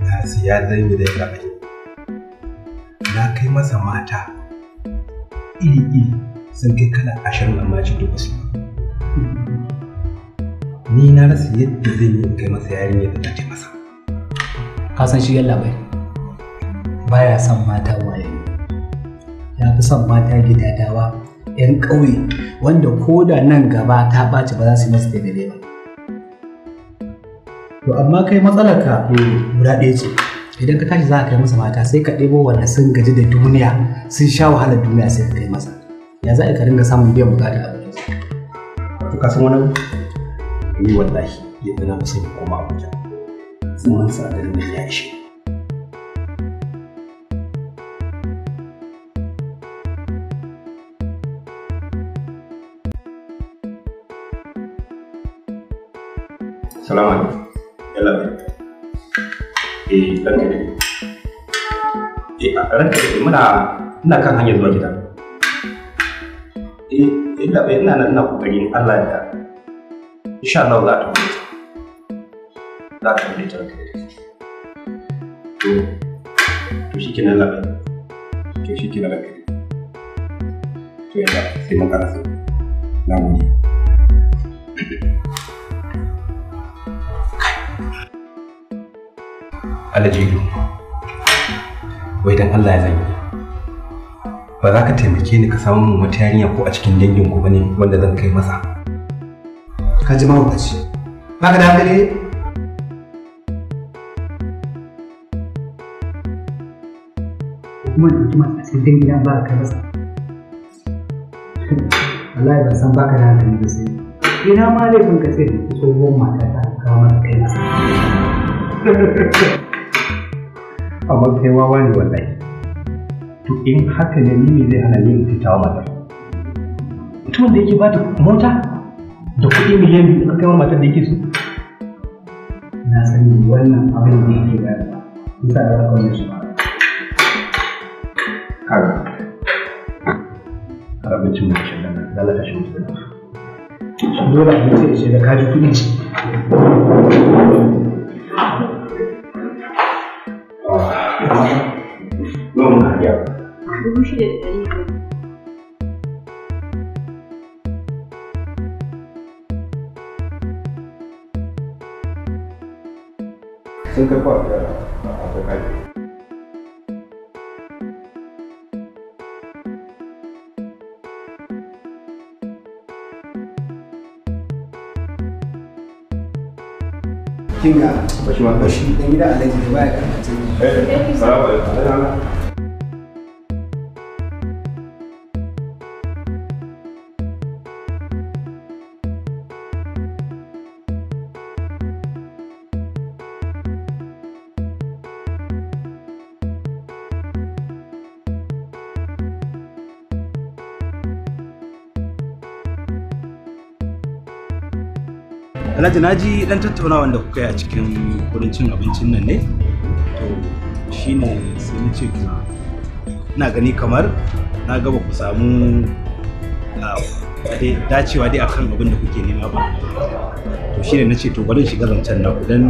na siya zan yi da ya Na kai masa mata iri-iri sun kai kala ashirin amma ci duk wasu. ni na rasa yadda zai yi kai masa yarinya da ta masa ka san shi yalla bai baya son mata waye ya fi son mata gidadawa yan ƙauye wanda ko da nan gaba ta ɓaci ba za su yi masa daidai ba to amma kai matsalar ka mm, guda ɗaya ce idan ka tashi za ka kai masa mata sai ka ɗebo wanda sun gaji da duniya sun sha wahalar duniya sai ka kai masa ya za a ka ringa samun biyan bukata a ka san wani ni wallahi yanzu na musan koma abuja zaman sa garin da ya ishe Salamu alaikum. Yalla bai. Eh, ɗanka ne. Eh, ranka ne muna ina kan hanyar zuwa gida. Eh, yalla bai ina nan ina ƙoƙarin Allah ya insha Allah za ta mutu za ta mutu ta to to shi kenan labai to shi kenan labai to yadda sai mun karasa na gode alajiru wai dan Allah ya zan yi. ba za ka taimake ni ka samu wata yarinya ko a cikin danginku ku bane wanda zan kai masa ka ji mahaukaci ba ka da hankali kuma da mutum a cikin gida ba ka rasa wallahi ban san ba baka da hankali da sai ina ma laifin ka ce da tsohon mata ta kawo mata kai nasa amma kai wawa ne wallahi to in haka ne ni ne zai hana ni in fita wa mata mutumin da yake ba da mota da kuɗi miliyan biyu aka kaiwa matar da yake so na sani wannan abin da yake da bisa da kawai shi ba kaga abincin mu shi shi dole abin da kaji kuɗi ce ah. sun kai a da aka kai kinga bashi ma bashi dan gida alhaji ba ya karɓa ce eh salamu alaikum alhaji na ji dan tattauna wanda kuka yi a cikin wurin cin abincin nan ne to shine sai na ce ina gani kamar na gaba ku samu dacewa dai akan abin da kuke nema ba to shine na ce to bari shiga zancen ku. dan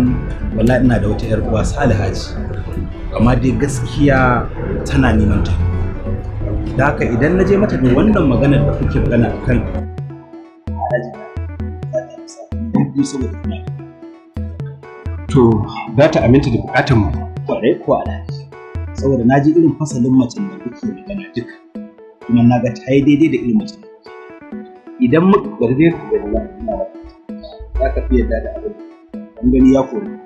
wallahi ina da wata yar uwa Salihaji amma dai gaskiya tana neman ta da haka idan na je mata da wannan maganar da kuke magana akan kuɗi saboda kuna to za ta aminta da bukatan mu kwarai ko alhaji saboda na ji irin fasalin macen da kuke gana duk, kuma na ga ta yi daidai da irin macen idan muka garbe ku da za ka fi yadda da abin gani ya kori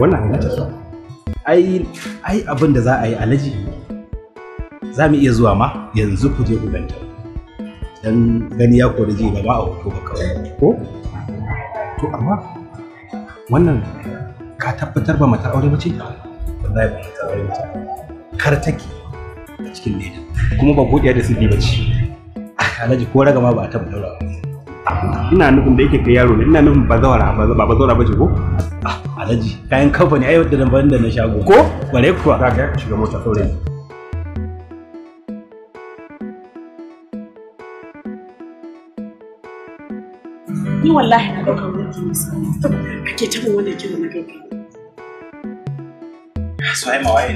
wannan ina take ai ai abin da za a yi alaji za mu iya zuwa ma yanzu ku je ku dan gani ya kori ji gaba a hoto ba kawai ko to amma wannan ka tabbatar ba mata aure bace wallahi ba mata aure bace kar take a cikin leda kuma ba godiya da sirri bace alaji ko raga ma ba ta daura ina nufin da yake kai yaro ne ina nufin ba zawara ba ba zawara bace ko alhaji kayan kamfani ai wadda ban da na shago ko bare kuwa ka ga shiga mota saurayi ni wallahi na ɗaukar mulki ne sai ake ta mun wannan kiran na gaba so ai mawaye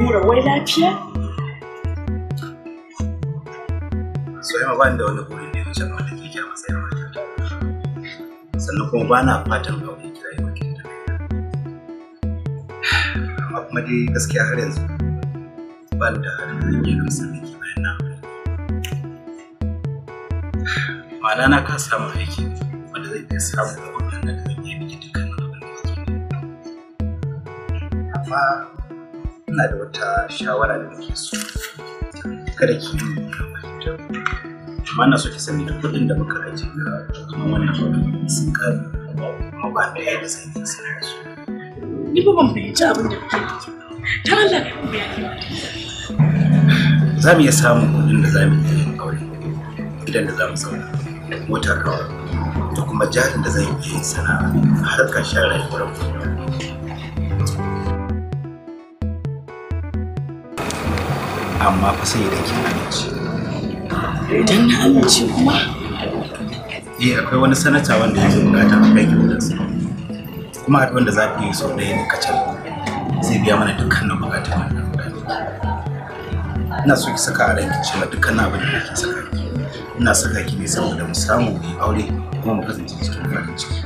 mura wai lafiya so ai ba da wani gurin ne mun shafa da kike a matsayin mata sannan kuma ba na fatan aure amma dai gaskiya har yanzu ba ni da halin yin amsa da ke bayan na ma'ana na ka samu aiki wanda zai iya samu da wannan da zai iya miki dukkanin abin da ke amma ina da wata shawara da nake so kada ki amma na so ki sani da kuɗin da muka ajiye ga wannan wannan sun kare kuma ba da yadda zai iya sanar da su ni ba ban fahimci abin da kake ta Allah kai mun bayani za mu iya samun kuɗin da za mu iya yin aure gidan da za mu zauna motar rawa da kuma jarin da zan iya yin sana'a har ƙarshen rayuwar mu amma fa sai da kin amince idan na amince kuma eh akwai wani sanata wanda yake bukata a kai gidansa kuma addu'an da za ku yi sau ɗaya ne kacal zai biya mana dukkanin bukatun wannan guda ina so ki saka a ranki cewa dukkanin abin da kike saka ki ina saka ki ne saboda mu samu mu yi aure kuma mu kasance cikin farin ciki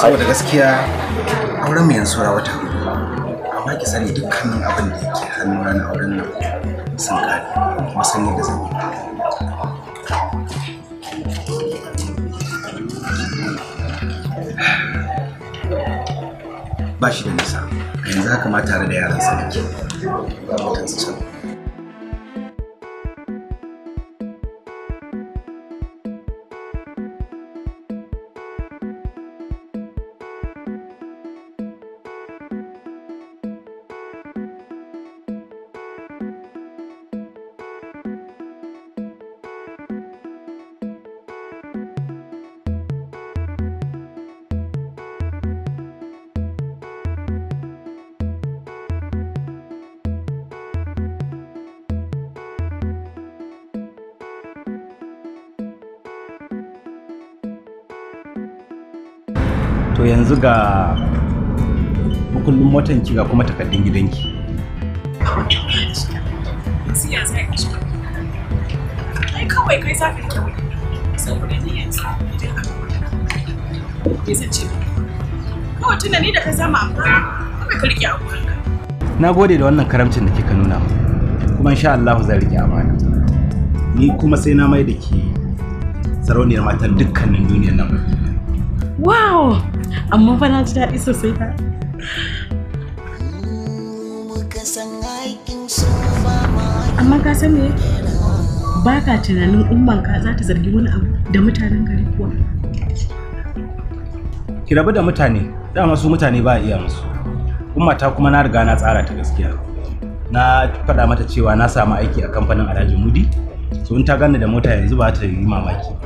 saboda gaskiya auren mu yanzu wata amma ki sani dukkanin abin da yake hannu na auren nan sun kare kuma sanin da zan yi ba shi da nisa yanzu haka ma tare da yaran sa ne. yanzu ga makullin motan ki ga kuma takardun gidanki na gode da wannan karamcin da kika nuna kuma insha Allah zan rike amana ni kuma sai na mai da ke sarauniyar matan dukkanin duniyar nan wow amma fa na ji daɗi sosai ta amma ka san me ba ka tunanin umman ka za ta zargi wani abu da mutanen gari kuwa ki rabu da mutane dama su mutane ba iya musu ummata kuma na riga na tsara ta gaskiya na faɗa mata cewa na samu aiki a kamfanin alhaji mudi so in ta gane da mota yanzu ba ta yi mamaki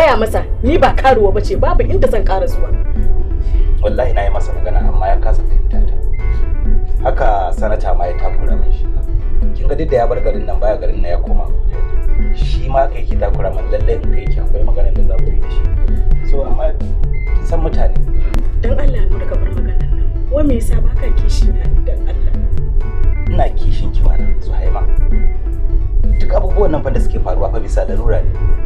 gaya masa ni ba karuwa bace babu inda zan ƙara zuwa wallahi na yi masa magana amma ya kasa fahimta ta haka sanata ma ya takura mai shi kin ga da ya bar garin nan baya garin nan ya koma shi ma kai ki takura man lalle in kai ki akwai maganar da za ku yi da shi so amma kin san mutane dan Allah ne ka bar maganar nan wa me yasa ka kishi na dan Allah ina kishin ki mana Suhaima duk abubuwan nan fa da suke faruwa fa bisa larura ne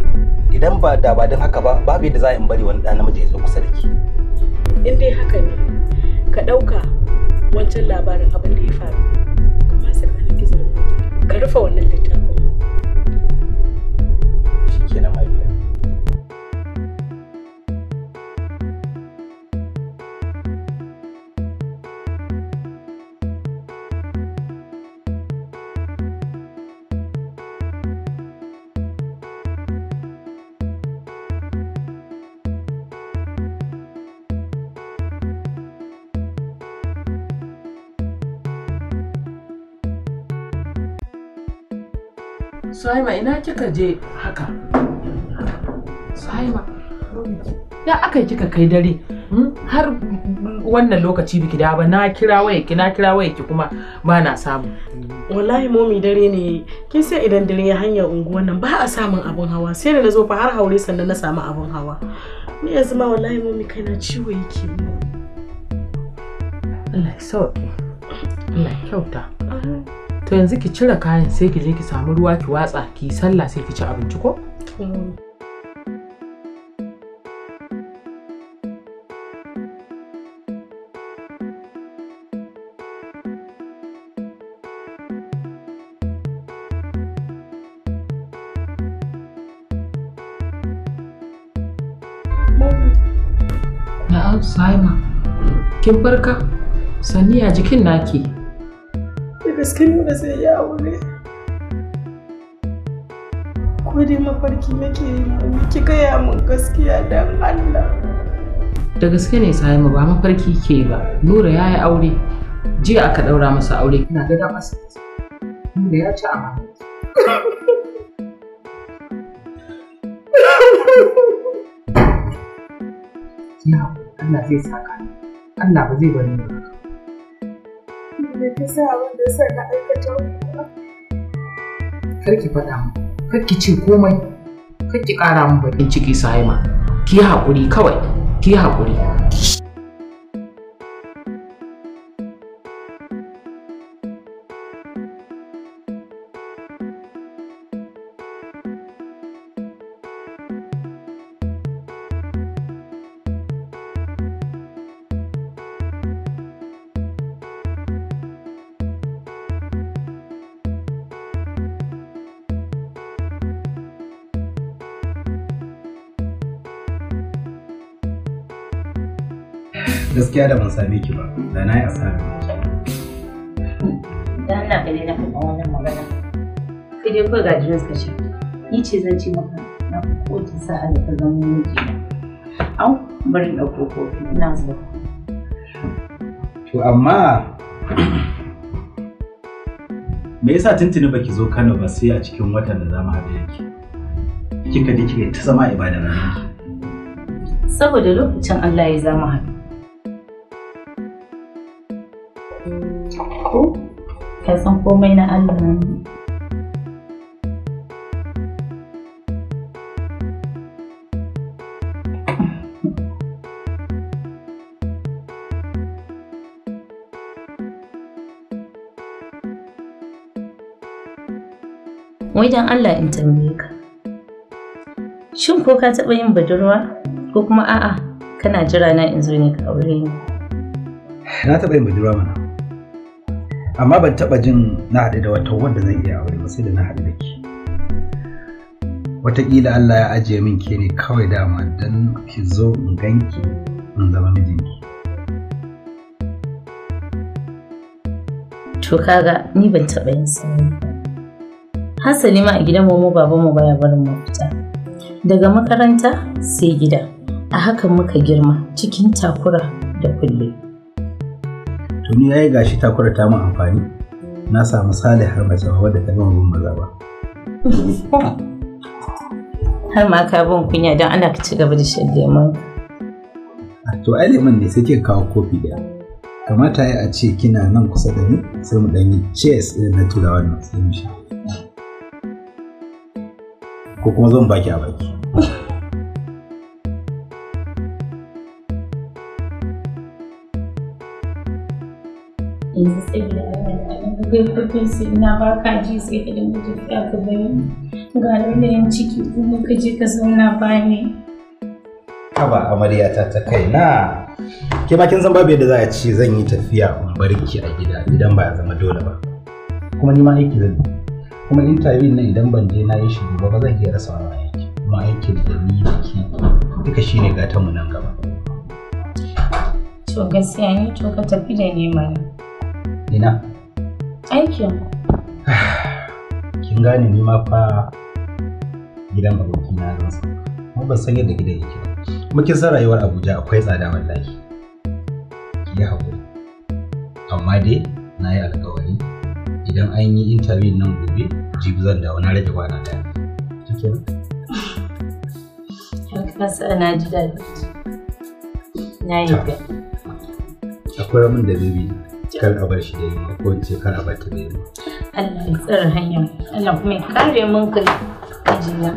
idan ba da ba don haka ba babu yadda za a bari wani ɗan namiji ya zo kusa da ke. in dai haka ne ka ɗauka wancan labarin abin da ya faru ka tsakanin gizo ka rufe wannan littafin kenan mai Suhaima ina kika je haka? Suhaima, ya aka yi kika kai dare hmm? har wannan lokaci biki da ba na kira wayarki na kira kuma ba na samu. Wallahi momi dare ne kin sai idan dare ya hanyar unguwan nan ba a samun abun hawa sai da na zo fa har haure sannan na samu abun hawa. Ni yanzu ma wallahi momi kaina ciwo yake. Allah ya sauke. Allah ya kyauta. to yanzu ki cire kayan sai ki je ki samu ruwa ki watsa ki sallah sai ki ci abinci ko Na'am Saima, kin barka? Sani a jikin naki. gaske nuna sai ya aure ko dai mafarki nake yi mami ki gaya min gaskiya dan Allah da gaske ne Salima ba mafarki ke ba Nura ya yi aure jiya aka daura masa aure kina ga da masa Nura ya ci amana Ya Allah zai saka Allah ba zai bari ba ta sa wanda sa na aikata kar ki faɗa mu kar ki ce komai kar ki ƙara min baƙin ciki Sahima ki haƙuri kawai ki haƙuri gaskiya da ban same ki ba da na yi asara da na gani na faɗa wannan magana kai dai kawai ga jiran ka ce ni ce zan ce maka na kowace sa da ka zama miji au bari na ɗauko kofi ina zuwa to amma me yasa tuntuni baki zo Kano ba sai a cikin watan da mu haɗu yake kika ji kike ta zama ibada ranar saboda lokacin Allah ya zama haɗu komai na Allah wai Allah in tambaye ka. Shin ko ka taɓa yin budurwa ko kuma a'a kana jira na in zo ne ka aure ni? Na taɓa yin budurwa mana. amma ban taba jin na haɗu da wata wanda zan iya aure ba sai da na haɗu da ke wataƙila Allah ya ajiye min ke ne kawai dama don ki zo in ganki in zama mijinki to kaga ni ban taɓa yin sanyi hasali ma a gidan mu baba mu baya barin mu fita daga makaranta sai gida a hakan muka girma cikin takura da kulle tuni ya yi gashi takura ta mun amfani na samu har ma wadda ta gama bin maza ba har ma ka bin kunya don ana ka ci gaba da shan lemon to ai lemon ne sai ke kawo kofi daya kamata ya a ce kina nan kusa da ni sai mu dan yi cheers din na turawa na sai mu sha ko kuma zan baki a baki yanzu saboda Allah ga kuɗin su na baka ji sai ka dinga tafiya ka bayan ga lalayen ciki kuma ka je ka zauna ba ne. Haba amaryata ta kai na ke ma kin san babu yadda za a ce zan yi tafiya in bar ki a gida idan ba ya zama dole ba kuma ni ma aiki zan kuma interview nan idan ban je na yi shi ba, ba zan iya rasa wani aiki kuma aiki, da ni da ke duka ne gatan mu nan gaba. To gaskiya ni to ka tafi da neman Ina? Aikin. Kin gane ni ma fa gidan abokina zan san. Kuma ban san yadda gidan yake ba. Kuma kin san rayuwar Abuja akwai tsada wallahi. Ki yi haƙuri. Amma dai na yi alƙawari idan an yi interview nan gobe jibi zan dawo na rage kwana ɗaya. Shikenan. Kasa na ji daɗi. Na yi Akwai ramin da kar a bar shi da yunwa ko ce kar a bar ta da yunwa Allah ya tsare hanya Allah kuma ya kare mun kai ajiya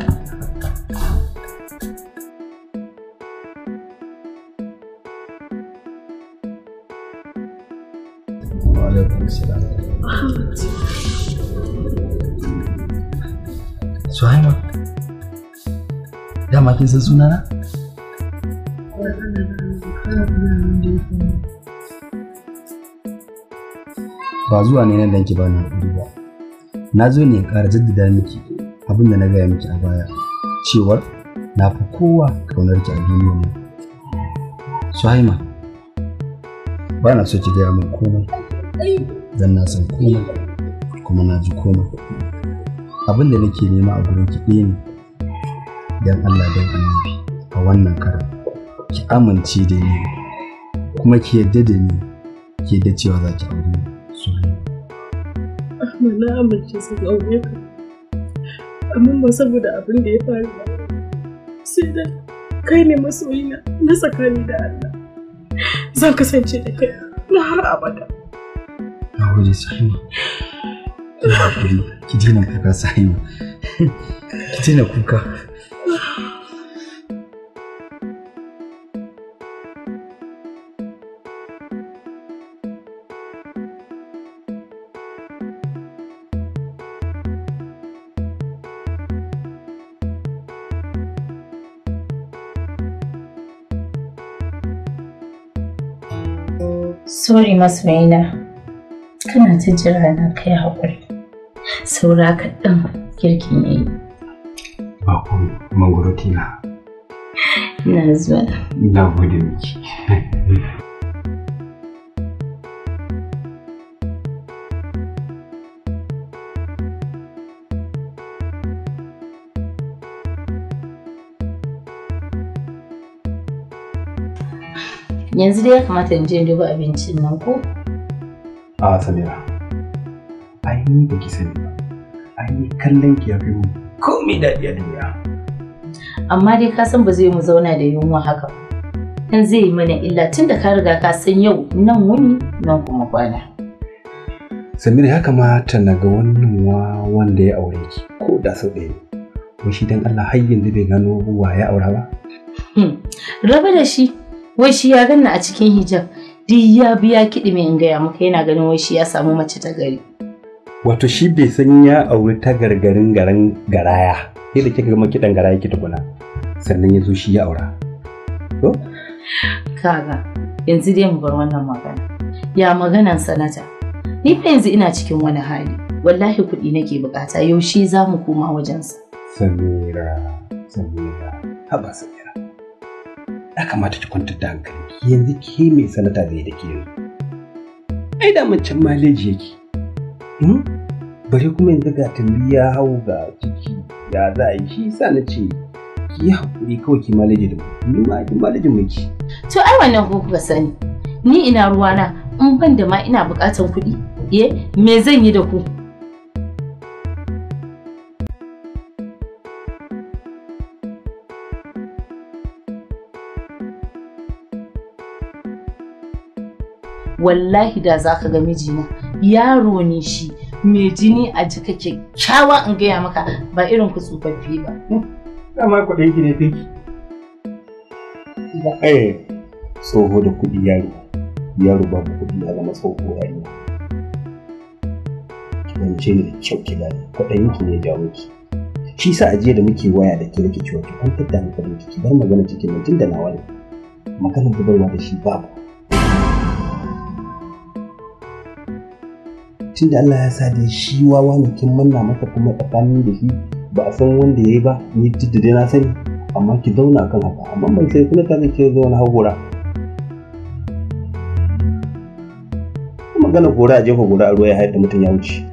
dama kin san sunana? ba zuwa ne nan danki ba na kuɗi ba na zo ne in ƙara jaddada miki abin na gaya miki a baya cewar na fi kowa kaunar ki a duniya ne. suhaima ba na so ki gaya min komai dan na san komai kuma na ji komai abin da nake nema a gurin ki ɗaya ne dan Allah dan annabi a wannan karan ki amince da ni kuma ki yadda da ni ki yarda cewa za ki aure ni amma na amince su ga aure ka amma ba saboda abin da ya faru ba sai da kai ne masoyina na tsakani da Allah zan kasance da kai na har abada na gode sahima ki daina kuka sahima ki daina kuka Sorry masoyina, kana ta jira na kai haƙuri. Saura kaɗan girkin yayi. Ba ku mangoro tina. Ina zuwa. Na gode miki. yanzu dai ya kamata in je in duba abincin nan ko a samira ai ni ba ki sani ba ai kallon ki ya fi mu komai daɗi a duniya amma dai ka san ba zai mu zauna da yunwa haka dan zai yi mana illa tun da ka riga ka san yau nan wuni nan kuma kwana samira ya kamata na ga wannan wa wanda ya aure ki ko da sau ɗaya ko shi dan Allah har yanzu bai gano wa ya aura ba hmm. raba da shi wai shi ya ganna a cikin hijab duk ya biya kiɗi mai in gaya muka yana ganin wai shi ya samu mace ta gari wato shi bai san ya auri ta gargarin garin garaya sai da kika gama kiɗan garaya ki tukuna sannan ya zo shi ya aura to kaga yanzu dai mu bar wannan magana ya maganan sanata ni fa yanzu ina cikin wani hali wallahi kuɗi nake bukata yaushe za mu koma wajensa samira samira haba ya kamata ki kwantar da hankali yanzu ke mai sanata zai da ke ai da can maleji yake hmm? Bari kuma yanzu ga tambi ya hau ga ciki ya za a yi shi sa na ce ki yi haƙuri kawai ki maleji da mu ma ki maleji mu ki to ai wannan ko kuka sani ni ina ruwana in ban da ma ina buƙatar kuɗi eh me zan yi da ku wallahi da za ka ga mijina yaro ne shi mai jini a jika kyakkyawa in gaya maka ba irin ku tsofaffi ba. Dama kuɗin ki ne fiki. Ba eh tsoho da kuɗi yaro yaro ba ku kuɗi ya zama tsoho rayuwa. Kimance ne da kyau ki gane kuɗin ki ne jawo ki. Shi sa ajiye da muke waya da ke nake cewa ki kwantar da hankalin ki ki bar magana cikin mutum da nawa ne. Maganar da baiwa da shi babu. tunda Allah ya sa da shi wawa ne kin manna maka kuma tsakanin da shi ba a san wanda yayi ba ni duk dai na sani amma ki zauna kan haka amma ban sai kuma ta ke zauna na hagora magana gora a jefa gora a ruwa ya haifar mutum ya wuce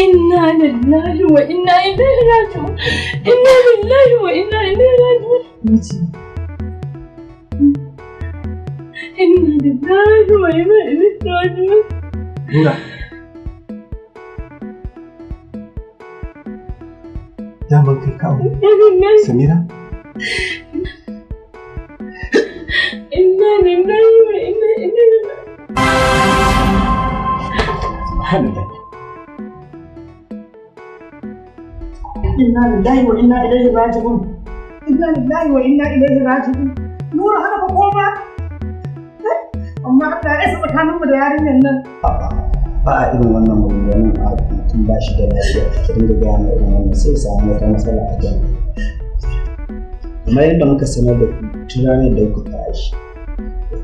inna lillahi wa inna ilaihi raji'un inna lillahi wa inna ilaihi raji'un inna lillahi wa inna ilaihi raji'un Nura Daman kai kawo Samira Inna lillahi wa inna ilaihi raji'un inna lillahi wa inna ilaihi raji'un inna lillahi nura haka ba koma amma ba a irin wannan maganganun a tun ba shi da lafiya ki dinga gaya mai irin wannan sai samu wata matsala a kan kamar yadda muka sanar da ku tun ranar da kuka tashi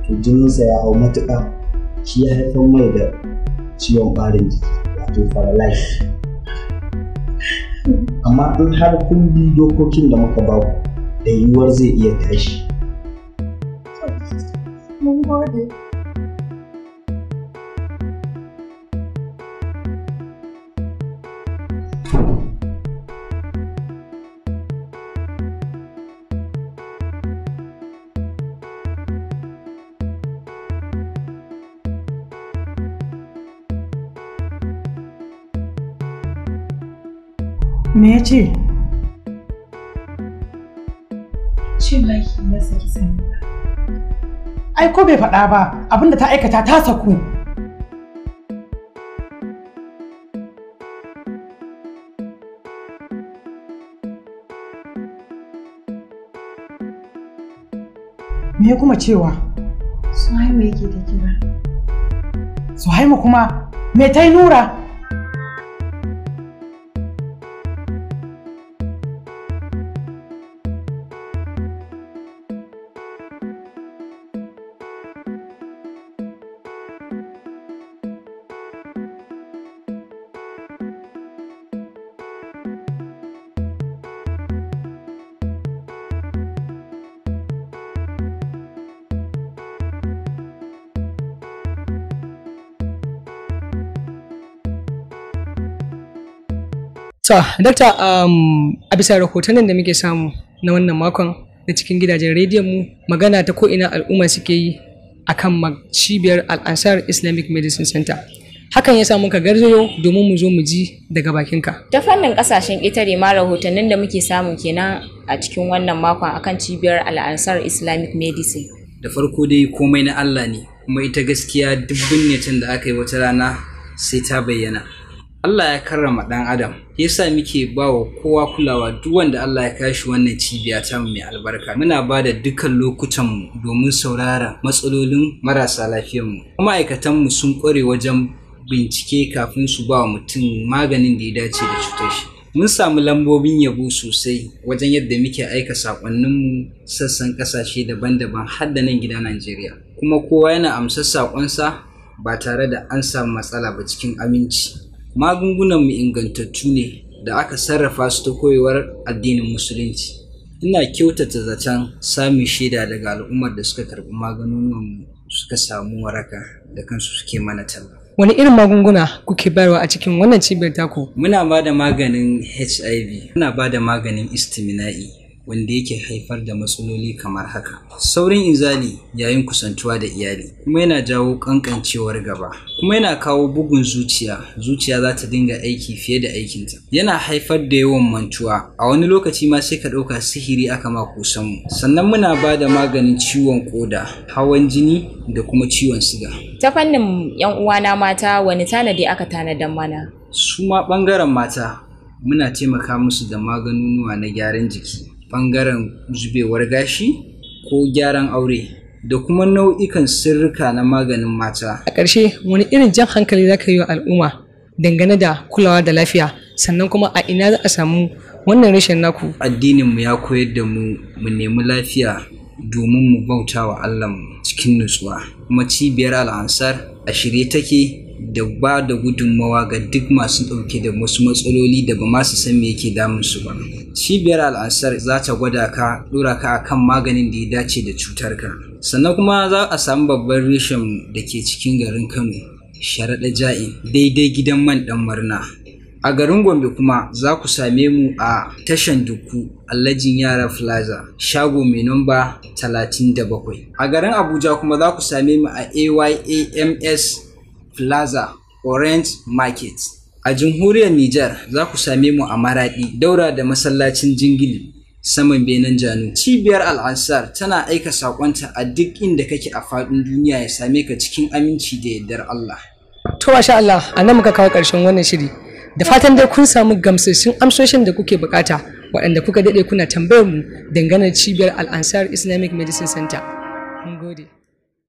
to jininsa ya hau matuka, shi ya haifar mai da ciwon ɓarin jiki wato paralysis amma in har kun bi dokokin da muka ba da yiwuwar zai iya tashi. ce ce laiki ki masa kisan ba ai ko bai faɗa ba abinda ta aikata ta saku me kuma cewa Su suhaima yake da kira Su suhaima kuma me ta yi nura So, Dokta, um, a bisa rahotannin da muke samu na wannan makon na cikin gidajen rediyon mu magana ta ko'ina al'umma suke yi a kan cibiyar Al'ansar Islamic Medicine Center. Hakan ya samu ka garzayo domin mu zo mu ji daga bakinka. Ta fannin kasashen ƙetare ma rahotannin da muke samu kenan a cikin wannan makon akan cibiyar Al'ansar Islamic Medicine. Da farko dai komai na Allah ne, kuma ita gaskiya duk can da aka yi wata rana sai ta bayyana. Allah ya karrama ɗan adam Ya sa muke ba wa kowa kulawa duk wanda Allah ya kashi wannan cibiya ta mu mai albarka muna ba da dukkan lokutanmu domin saurara matsalolin marasa mu. ma'aikatan ma'aikatanmu sun kware wajen bincike kafin su ba wa mutum maganin da ya dace da cutar shi mun samu lambobin yabo sosai wajen yadda muke aika saƙonninmu sassan ƙasashe daban-daban har da nan gida Najeriya kuma kowa yana amsa saƙonsa ba tare da an samu matsala ba cikin aminci magungunan mu ingantattu ne da aka sarrafa su ta koyewar addinin musulunci ina kyautata zaton samun shaida daga al'ummar da suka karbi maganunan suka samu waraka da kansu suke mana talla wani irin magunguna kuke bayarwa a cikin wannan cibiyar taku muna ba da maganin hiv muna ba da maganin istimina'i wanda yake haifar da matsaloli kamar haka saurin inzali yayin kusantuwa da iyali kuma yana jawo kankancewar gaba kuma yana kawo bugun zuciya zuciya za ta dinga aiki fiye da aikinta yana haifar da yawan mantuwa a wani lokaci ma sai ka ɗauka sihiri aka ma kusan mu sannan muna ba da maganin ciwon koda hawan jini da kuma ciwon siga ta fannin yan uwana mata wani tanadi aka tanadar mana su ma ɓangaren mata muna taimaka musu da maganunuwa na gyaran jiki Bangaren zubewar gashi ko gyaran aure da kuma nau'ikan sirrika na maganin mata. A ƙarshe wani irin jan hankali za ka yi wa al'umma dangane da kulawa da lafiya sannan kuma a ina za a samu wannan rashin naku. Addininmu ya koyar da mu mu nemi lafiya domin mu bauta wa Allah cikin nutsuwa kuma cibiyar al'ansar a shirye take da ba da gudunmawa ga duk masu ɗauke da wasu matsaloli da ba masu san me yake damun su ba cibiyar al'asar za ta gwada ka ɗora ka akan maganin da ya dace da cutar ka. sannan kuma za a samu babban reshen da ke cikin garin kano sharaɗa Ja'i. daidai gidan man ɗan murna a garin gombe kuma za ku same mu a tashan duku alhajin yara plaza shago mai namba 37 a garin abuja kuma za ku same mu a ayams plaza orange market a jamhuriyar Nijar za ku same mu a Maraɗi daura da masallacin jingili saman benin janu cibiyar al'ansar tana aika saƙonta a duk inda kake a faɗin duniya ya same ka cikin aminci da yardar allah to masha allah a nan muka kawo ƙarshen wannan shiri da fatan dai kun samu gamsassun amsoshin da kuke bukata waɗanda kuka daɗe kuna tambayar mu dangane cibiyar al'ansar islamic medicine center mun gode